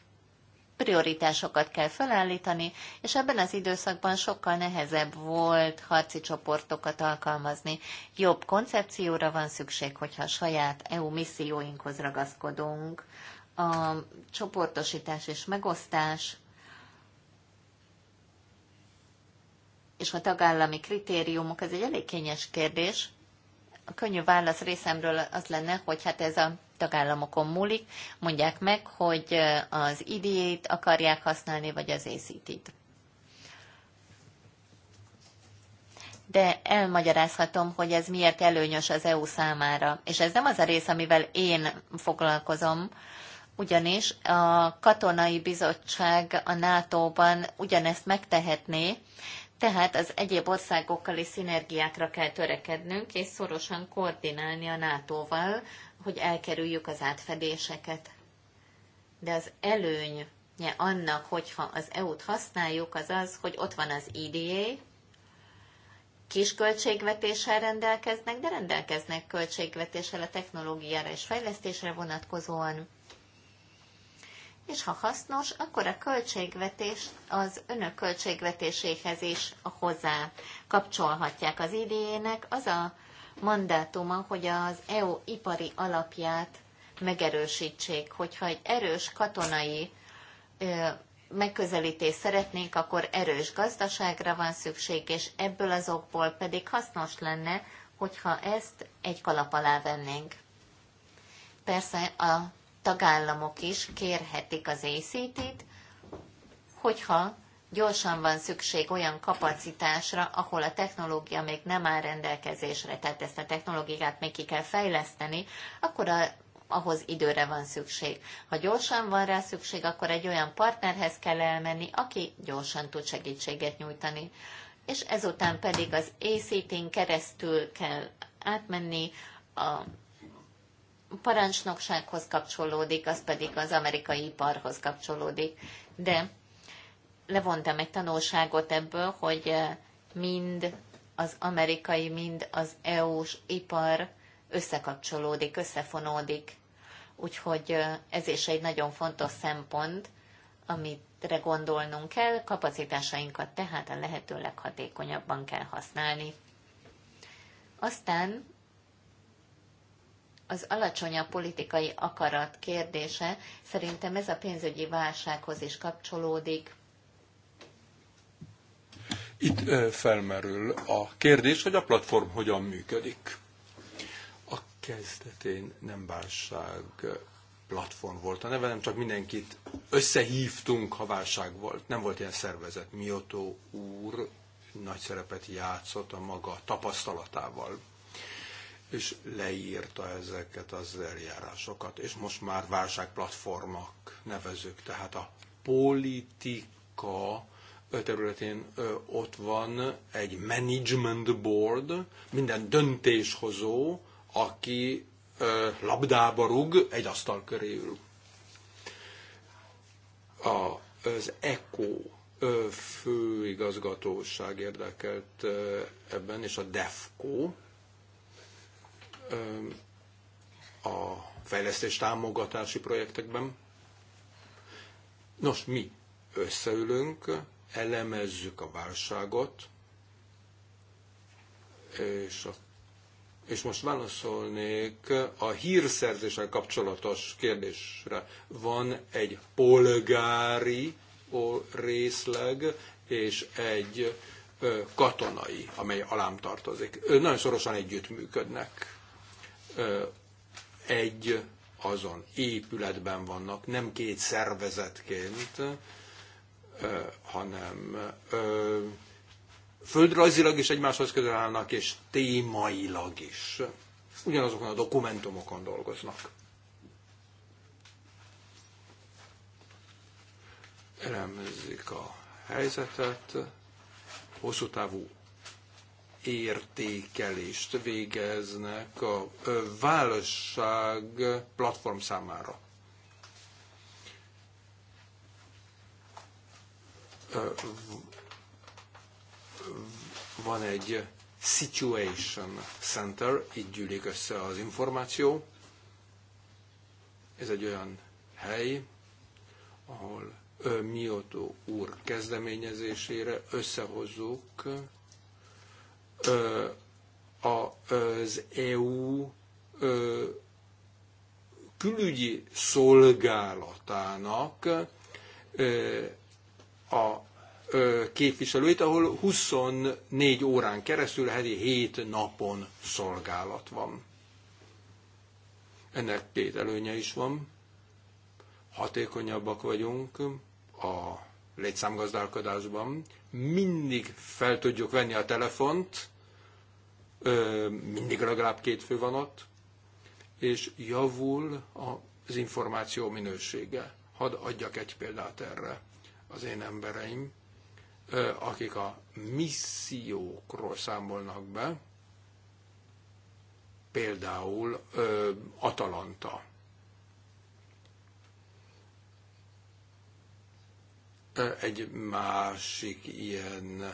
prioritásokat kell felállítani, és ebben az időszakban sokkal nehezebb volt harci csoportokat alkalmazni. Jobb koncepcióra van szükség, hogyha a saját EU misszióinkhoz ragaszkodunk. A csoportosítás és megosztás és a tagállami kritériumok, ez egy elég kényes kérdés. A könnyű válasz részemről az lenne, hogy hát ez a tagállamokon múlik, mondják meg, hogy az IDA-t akarják használni, vagy az ACT-t. de elmagyarázhatom, hogy ez miért előnyös az EU számára. És ez nem az a rész, amivel én foglalkozom, ugyanis a katonai bizottság a NATO-ban ugyanezt megtehetné, tehát az egyéb országokkal is szinergiákra kell törekednünk, és szorosan koordinálni a NATO-val, hogy elkerüljük az átfedéseket. De az előny annak, hogyha az EU-t használjuk, az az, hogy ott van az IDA, kis költségvetéssel rendelkeznek, de rendelkeznek költségvetéssel a technológiára és fejlesztésre vonatkozóan és ha hasznos, akkor a költségvetés az önök költségvetéséhez is hozzá kapcsolhatják. Az idének az a mandátuma, hogy az EU ipari alapját megerősítsék, hogyha egy erős katonai megközelítést szeretnénk, akkor erős gazdaságra van szükség, és ebből azokból pedig hasznos lenne, hogyha ezt egy kalap alá vennénk. Persze a tagállamok is kérhetik az ESET-t, hogyha gyorsan van szükség olyan kapacitásra, ahol a technológia még nem áll rendelkezésre, tehát ezt a technológiát még ki kell fejleszteni, akkor a, ahhoz időre van szükség. Ha gyorsan van rá szükség, akkor egy olyan partnerhez kell elmenni, aki gyorsan tud segítséget nyújtani. És ezután pedig az ACT-n keresztül kell átmenni a parancsnoksághoz kapcsolódik, az pedig az amerikai iparhoz kapcsolódik. De levontam egy tanulságot ebből, hogy eh, mind az amerikai, mind az EU-s ipar összekapcsolódik, összefonódik. Úgyhogy eh, ez is egy nagyon fontos szempont, amitre gondolnunk kell, kapacitásainkat tehát a lehető leghatékonyabban kell használni. Aztán az alacsonyabb politikai akarat kérdése, szerintem ez a pénzügyi válsághoz is kapcsolódik. Itt felmerül a kérdés, hogy a platform hogyan működik. A kezdetén nem válság platform volt a neve, nem csak mindenkit összehívtunk, ha válság volt. Nem volt ilyen szervezet. Miotó úr nagy szerepet játszott a maga tapasztalatával és leírta ezeket az eljárásokat, és most már válságplatformak nevezük, tehát a politika területén ott van egy management board, minden döntéshozó, aki labdába rúg, egy asztal köré ül. Az ECO főigazgatóság érdekelt ebben, és a DEFCO, a fejlesztés támogatási projektekben. Nos, mi összeülünk, elemezzük a válságot, és, a, és most válaszolnék a hírszerzéssel kapcsolatos kérdésre. Van egy polgári részleg, és egy katonai, amely alám tartozik. Nagyon szorosan együttműködnek egy azon épületben vannak, nem két szervezetként, hanem földrajzilag is egymáshoz közel állnak, és témailag is. Ugyanazokon a dokumentumokon dolgoznak. Elemzik a helyzetet, hosszú távú értékelést végeznek a válság platform számára. Van egy Situation Center, itt gyűlik össze az információ. Ez egy olyan hely, ahol Mioto úr kezdeményezésére összehozzuk az EU külügyi szolgálatának a képviselőit, ahol 24 órán keresztül heti 7 napon szolgálat van. Ennek két előnye is van. Hatékonyabbak vagyunk a létszámgazdálkodásban. Mindig fel tudjuk venni a telefont, mindig legalább két fő van ott, és javul az információ minősége. Hadd adjak egy példát erre. Az én embereim, akik a missziókról számolnak be, például Atalanta. Egy másik ilyen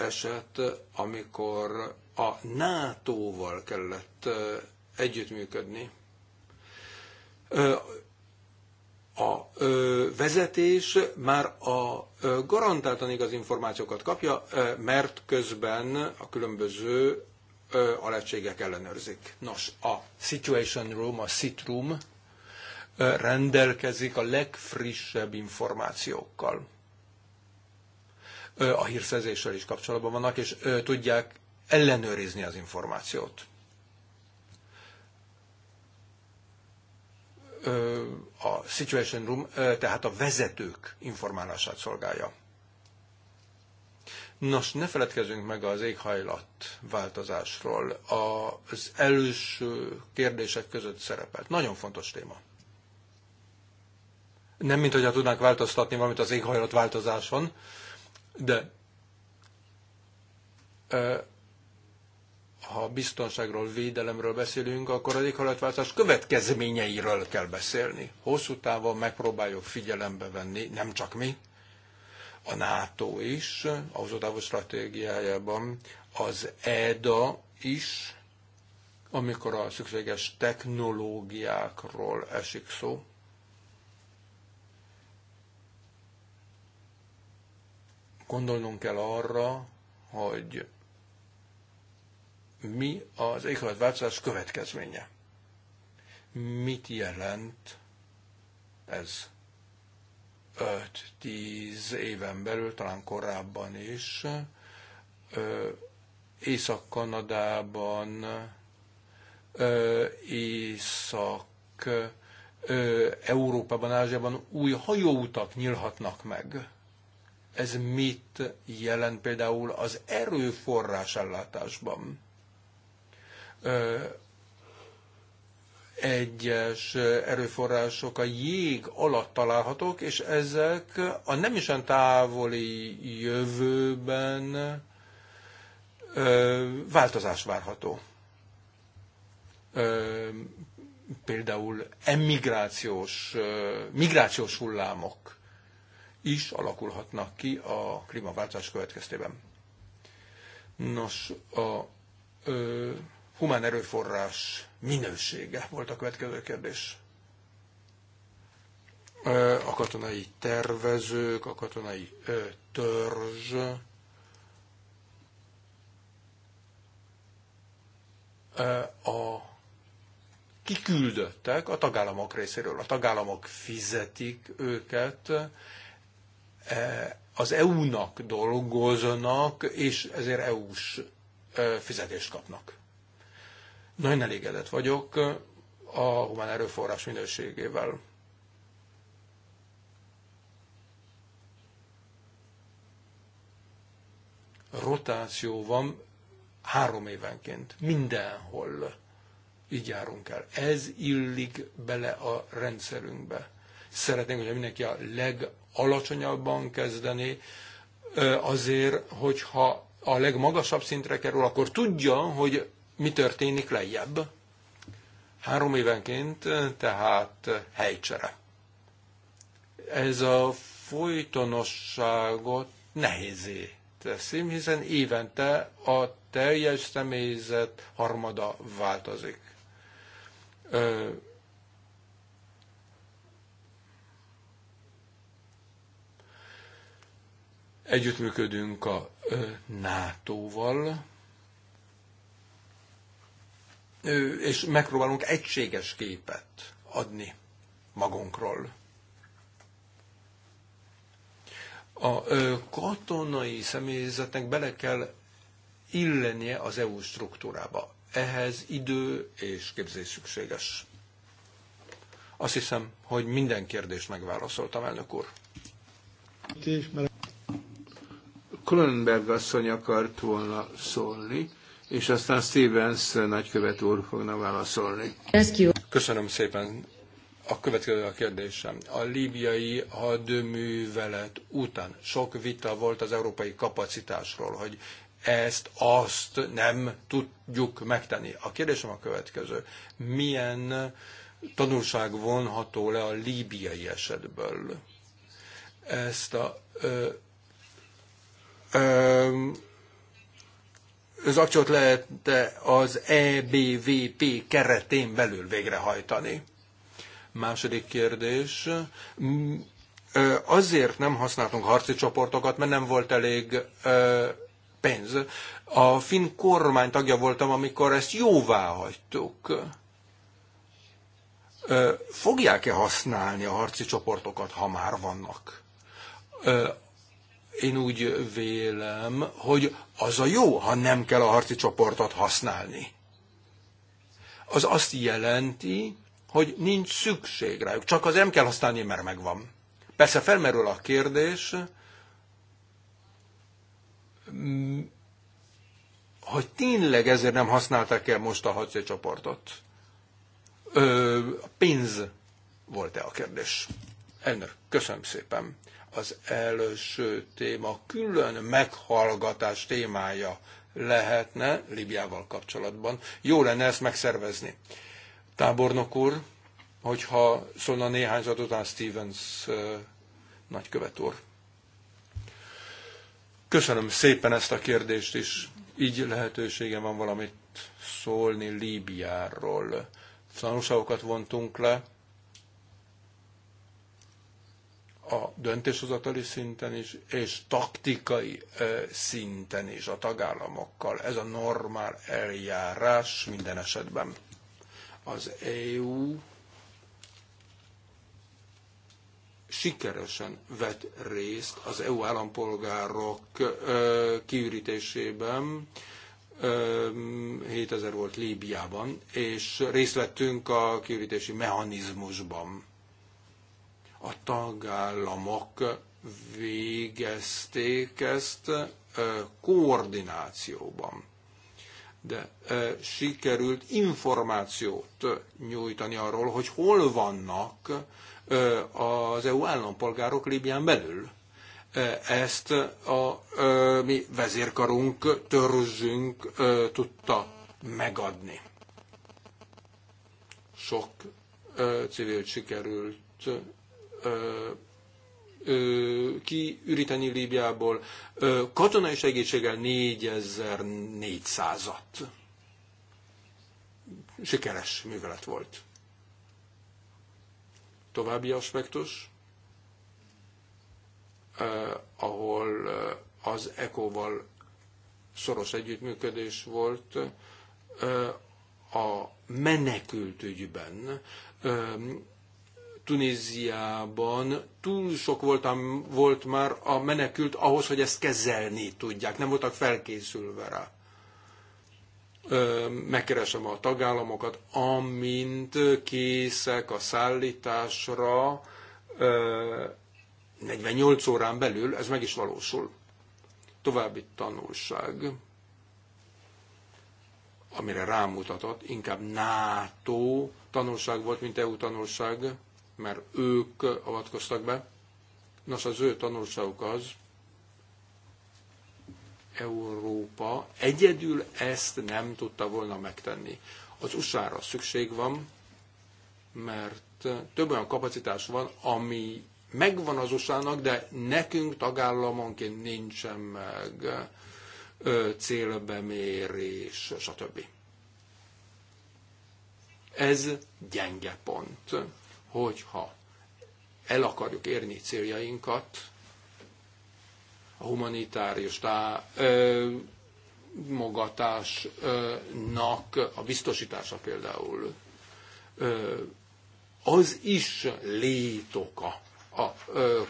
eset, amikor a NATO-val kellett együttműködni. A vezetés már a garantáltan igaz információkat kapja, mert közben a különböző alegységek ellenőrzik. Nos, a Situation Room, a sit room rendelkezik a legfrissebb információkkal a hírszerzéssel is kapcsolatban vannak, és tudják ellenőrizni az információt. A Situation Room, tehát a vezetők informálását szolgálja. Nos, ne feledkezzünk meg az éghajlat változásról. Az előső kérdések között szerepelt. Nagyon fontos téma. Nem, mint hogyha tudnánk változtatni valamit az éghajlat változáson, de ha biztonságról, védelemről beszélünk, akkor az éghajlatváltozás következményeiről kell beszélni. Hosszú távon megpróbáljuk figyelembe venni, nem csak mi, a NATO is, a hosszú stratégiájában, az EDA is, amikor a szükséges technológiákról esik szó, Gondolnunk kell arra, hogy mi az éghajlatváltozás következménye. Mit jelent ez 5-10 éven belül, talán korábban is, Észak-Kanadában, Észak, Európában, Ázsiában új hajóutak nyílhatnak meg ez mit jelent például az erőforrás ellátásban? egyes erőforrások a jég alatt találhatók, és ezek a nem is olyan távoli jövőben változás várható. például emigrációs, migrációs hullámok is alakulhatnak ki a klímaváltás következtében. Nos, a ö, humán erőforrás minősége volt a következő kérdés. A katonai tervezők, a katonai ö, törzs, a kiküldöttek a tagállamok részéről. A tagállamok fizetik őket, Eh, az EU-nak dolgoznak, és ezért EU-s eh, fizetést kapnak. Nagyon elégedett vagyok eh, a humán erőforrás minőségével. Rotáció van három évenként, mindenhol így járunk el. Ez illik bele a rendszerünkbe. Szeretnénk, hogy mindenki a leg alacsonyabban kezdeni, azért, hogyha a legmagasabb szintre kerül, akkor tudja, hogy mi történik lejjebb. Három évenként, tehát helycsere. Ez a folytonosságot nehézé teszi, hiszen évente a teljes személyzet harmada változik. Együttműködünk a NATO-val, és megpróbálunk egységes képet adni magunkról. A katonai személyzetnek bele kell illenie az EU struktúrába. Ehhez idő és képzés szükséges. Azt hiszem, hogy minden kérdést megválaszoltam, elnök úr. Kronenberg asszony akart volna szólni, és aztán Stevens nagykövet úr fogna válaszolni. Köszönöm szépen. A következő a kérdésem. A líbiai hadművelet után sok vita volt az európai kapacitásról, hogy ezt, azt nem tudjuk megtenni. A kérdésem a következő. Milyen tanulság vonható le a líbiai esetből? Ezt a ö, akciót lehet az EBVP keretén belül végrehajtani? Második kérdés. Mm, azért nem használtunk harci csoportokat, mert nem volt elég pénz. A finn kormány tagja voltam, amikor ezt jóvá hagytuk. Fogják-e használni a harci csoportokat, ha már vannak? Én úgy vélem, hogy az a jó, ha nem kell a harci csoportot használni. Az azt jelenti, hogy nincs szükség rájuk, csak az nem kell használni, mert megvan. Persze felmerül a kérdés, hogy tényleg ezért nem használták el most a harci csoportot. Ö, pénz volt-e a kérdés? Elnök, köszönöm szépen. Az első téma külön meghallgatás témája lehetne Libiával kapcsolatban. Jó lenne ezt megszervezni. Tábornok úr, hogyha szólna néhány zat után Stevens nagykövet úr. Köszönöm szépen ezt a kérdést is. Így lehetőségem van valamit szólni Líbiáról. Tanulságokat vontunk le, a döntéshozatali szinten is, és taktikai szinten is a tagállamokkal. Ez a normál eljárás minden esetben. Az EU sikeresen vett részt az EU állampolgárok kiürítésében, 7000 volt Líbiában, és részt vettünk a kiürítési mechanizmusban. A tagállamok végezték ezt koordinációban. De sikerült információt nyújtani arról, hogy hol vannak az EU állampolgárok Líbián belül ezt a mi vezérkarunk, törzsünk tudta megadni. Sok ö, civilt sikerült kiüríteni Líbiából, katonai segítséggel 4400-at. Sikeres művelet volt. További aspektus, ahol az ECO-val szoros együttműködés volt a menekültügyben. Tunéziában túl sok voltam, volt már a menekült ahhoz, hogy ezt kezelni tudják, nem voltak felkészülve rá. Megkeresem a tagállamokat, amint készek a szállításra 48 órán belül, ez meg is valósul. További tanulság amire rámutatott, inkább NATO tanulság volt, mint EU tanulság mert ők avatkoztak be. Nos, az ő tanulságuk az, Európa egyedül ezt nem tudta volna megtenni. Az USA-ra szükség van, mert több olyan kapacitás van, ami megvan az USA-nak, de nekünk tagállamonként nincsen meg célbemérés, stb. Ez gyenge pont hogyha el akarjuk érni céljainkat, a humanitárius támogatásnak a biztosítása például, az is létoka a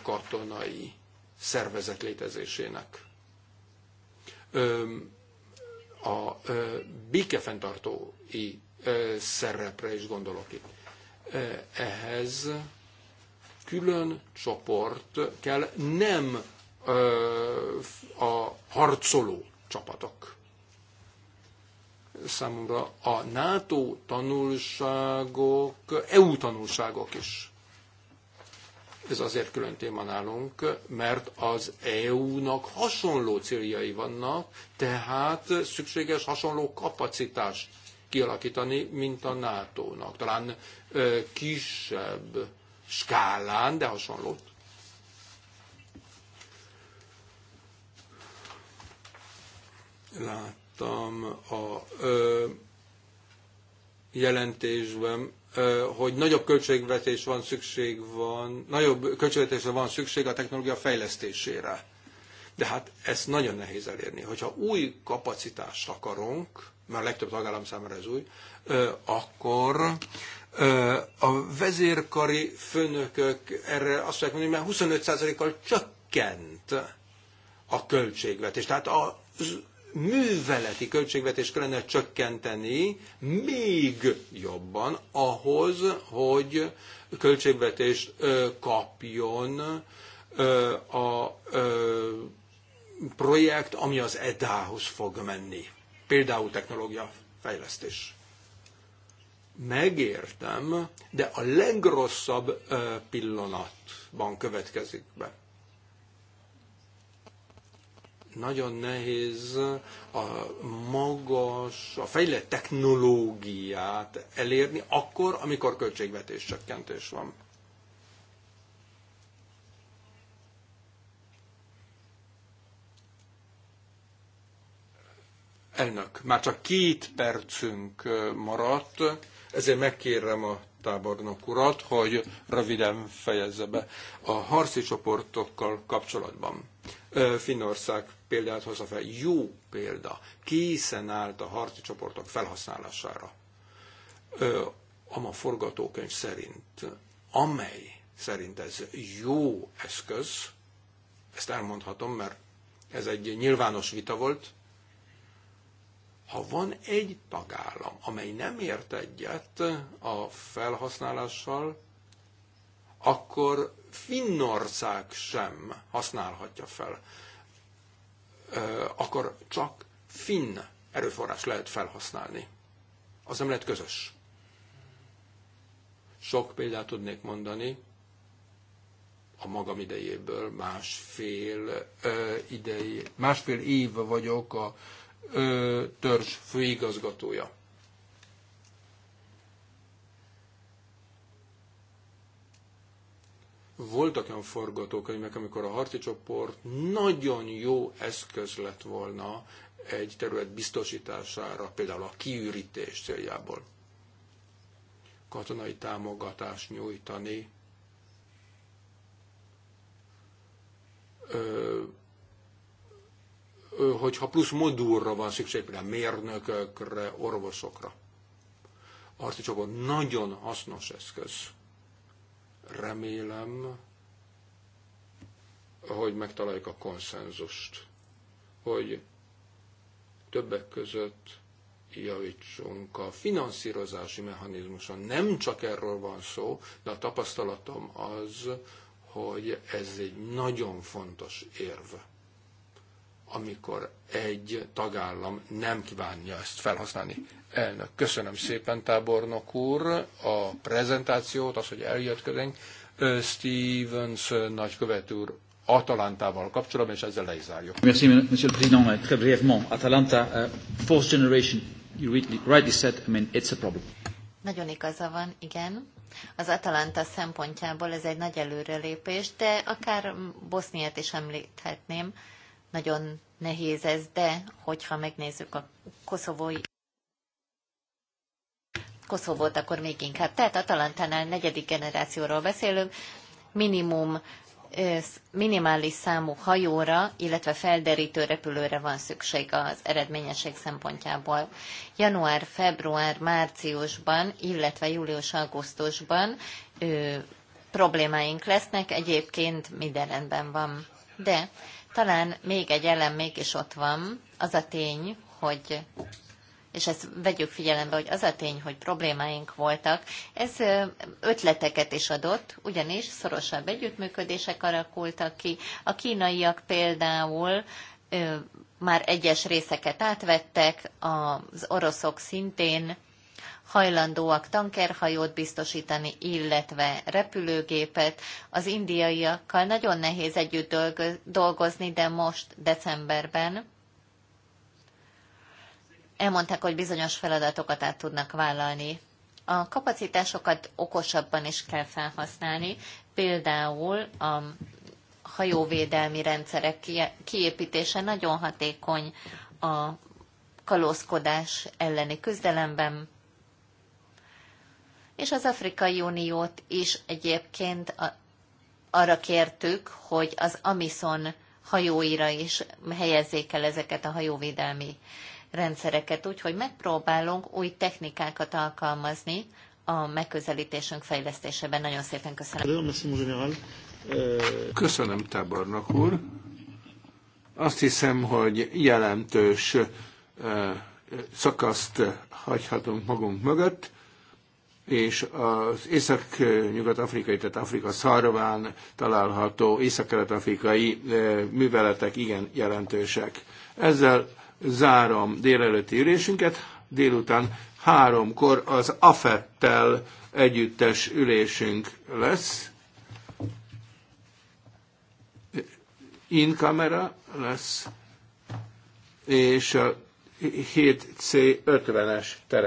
katonai szervezet létezésének. a békefenntartói szerepre is gondolok itt. E, ehhez külön csoport kell, nem e, a harcoló csapatok. Számomra a NATO tanulságok, EU tanulságok is. Ez azért külön téma nálunk, mert az EU-nak hasonló céljai vannak, tehát szükséges hasonló kapacitás kialakítani, mint a NATO-nak. Talán kisebb skálán, de hasonlót Láttam a ö, jelentésben, ö, hogy nagyobb költségvetés van szükség van, nagyobb költségvetésre van szükség a technológia fejlesztésére. De hát ezt nagyon nehéz elérni. Hogyha új kapacitást akarunk, már a legtöbb tagállam számára ez új, akkor a vezérkari főnökök erre azt mondják, hogy már 25%-kal csökkent a költségvetés. Tehát a műveleti költségvetés kellene csökkenteni még jobban ahhoz, hogy költségvetést kapjon a projekt, ami az EDA-hoz fog menni például technológia fejlesztés. Megértem, de a legrosszabb pillanatban következik be. Nagyon nehéz a magas, a fejlett technológiát elérni akkor, amikor költségvetés csökkentés van Elnök, már csak két percünk maradt, ezért megkérem a tábornok urat, hogy röviden fejezze be a harci csoportokkal kapcsolatban. Finnország példát hozza fel, jó példa, készen állt a harci csoportok felhasználására. Ama forgatókönyv szerint, amely szerint ez jó eszköz, ezt elmondhatom, mert ez egy nyilvános vita volt, ha van egy tagállam, amely nem ért egyet a felhasználással, akkor Finnország sem használhatja fel. Akkor csak finn erőforrás lehet felhasználni. Az nem lehet közös. Sok példát tudnék mondani a magam idejéből, másfél, ö, idei, másfél év vagyok a törzs főigazgatója. Voltak olyan forgatókönyvek, amikor a harci csoport nagyon jó eszköz lett volna egy terület biztosítására, például a kiürítés céljából. Katonai támogatást nyújtani, hogyha plusz modulra van szükség, például mérnökökre, orvosokra. Arti csoport nagyon hasznos eszköz. Remélem, hogy megtaláljuk a konszenzust, hogy többek között javítsunk a finanszírozási mechanizmuson. Nem csak erről van szó, de a tapasztalatom az, hogy ez egy nagyon fontos érv amikor egy tagállam nem kívánja ezt felhasználni. Elnök, köszönöm szépen, tábornok úr, a prezentációt, az, hogy eljött közénk. Stevens nagykövet úr Atalantával kapcsolatban, és ezzel le Merci, monsieur le président. Très brièvement, Atalanta, uh, fourth generation, you rightly said, I mean, it's a problem. Nagyon igaza van, igen. Az Atalanta szempontjából ez egy nagy előrelépés, de akár Boszniát is említhetném nagyon nehéz ez, de hogyha megnézzük a koszovói Koszovót, akkor még inkább. Tehát Atalantánál negyedik generációról beszélünk, minimum minimális számú hajóra, illetve felderítő repülőre van szükség az eredményesség szempontjából. Január, február, márciusban, illetve július-augusztusban problémáink lesznek, egyébként minden rendben van. De talán még egy elem mégis ott van, az a tény, hogy és ezt vegyük figyelembe, hogy az a tény, hogy problémáink voltak, ez ötleteket is adott, ugyanis szorosabb együttműködések alakultak ki. A kínaiak például már egyes részeket átvettek, az oroszok szintén hajlandóak tankerhajót biztosítani, illetve repülőgépet. Az indiaiakkal nagyon nehéz együtt dolgozni, de most decemberben elmondták, hogy bizonyos feladatokat át tudnak vállalni. A kapacitásokat okosabban is kell felhasználni, például a hajóvédelmi rendszerek kiépítése nagyon hatékony a kalózkodás elleni küzdelemben, és az Afrikai Uniót is egyébként arra kértük, hogy az Amison hajóira is helyezzék el ezeket a hajóvédelmi rendszereket, úgyhogy megpróbálunk új technikákat alkalmazni a megközelítésünk fejlesztésében. Nagyon szépen köszönöm. Euh, köszönöm, tábornok úr. Azt hiszem, hogy jelentős euh, szakaszt hagyhatunk magunk mögött és az észak-nyugat-afrikai, tehát Afrika szarván található észak-kelet-afrikai eh, műveletek igen jelentősek. Ezzel zárom délelőtti ülésünket, délután háromkor az AFET-tel együttes ülésünk lesz. In kamera lesz, és a 7C50-es terem.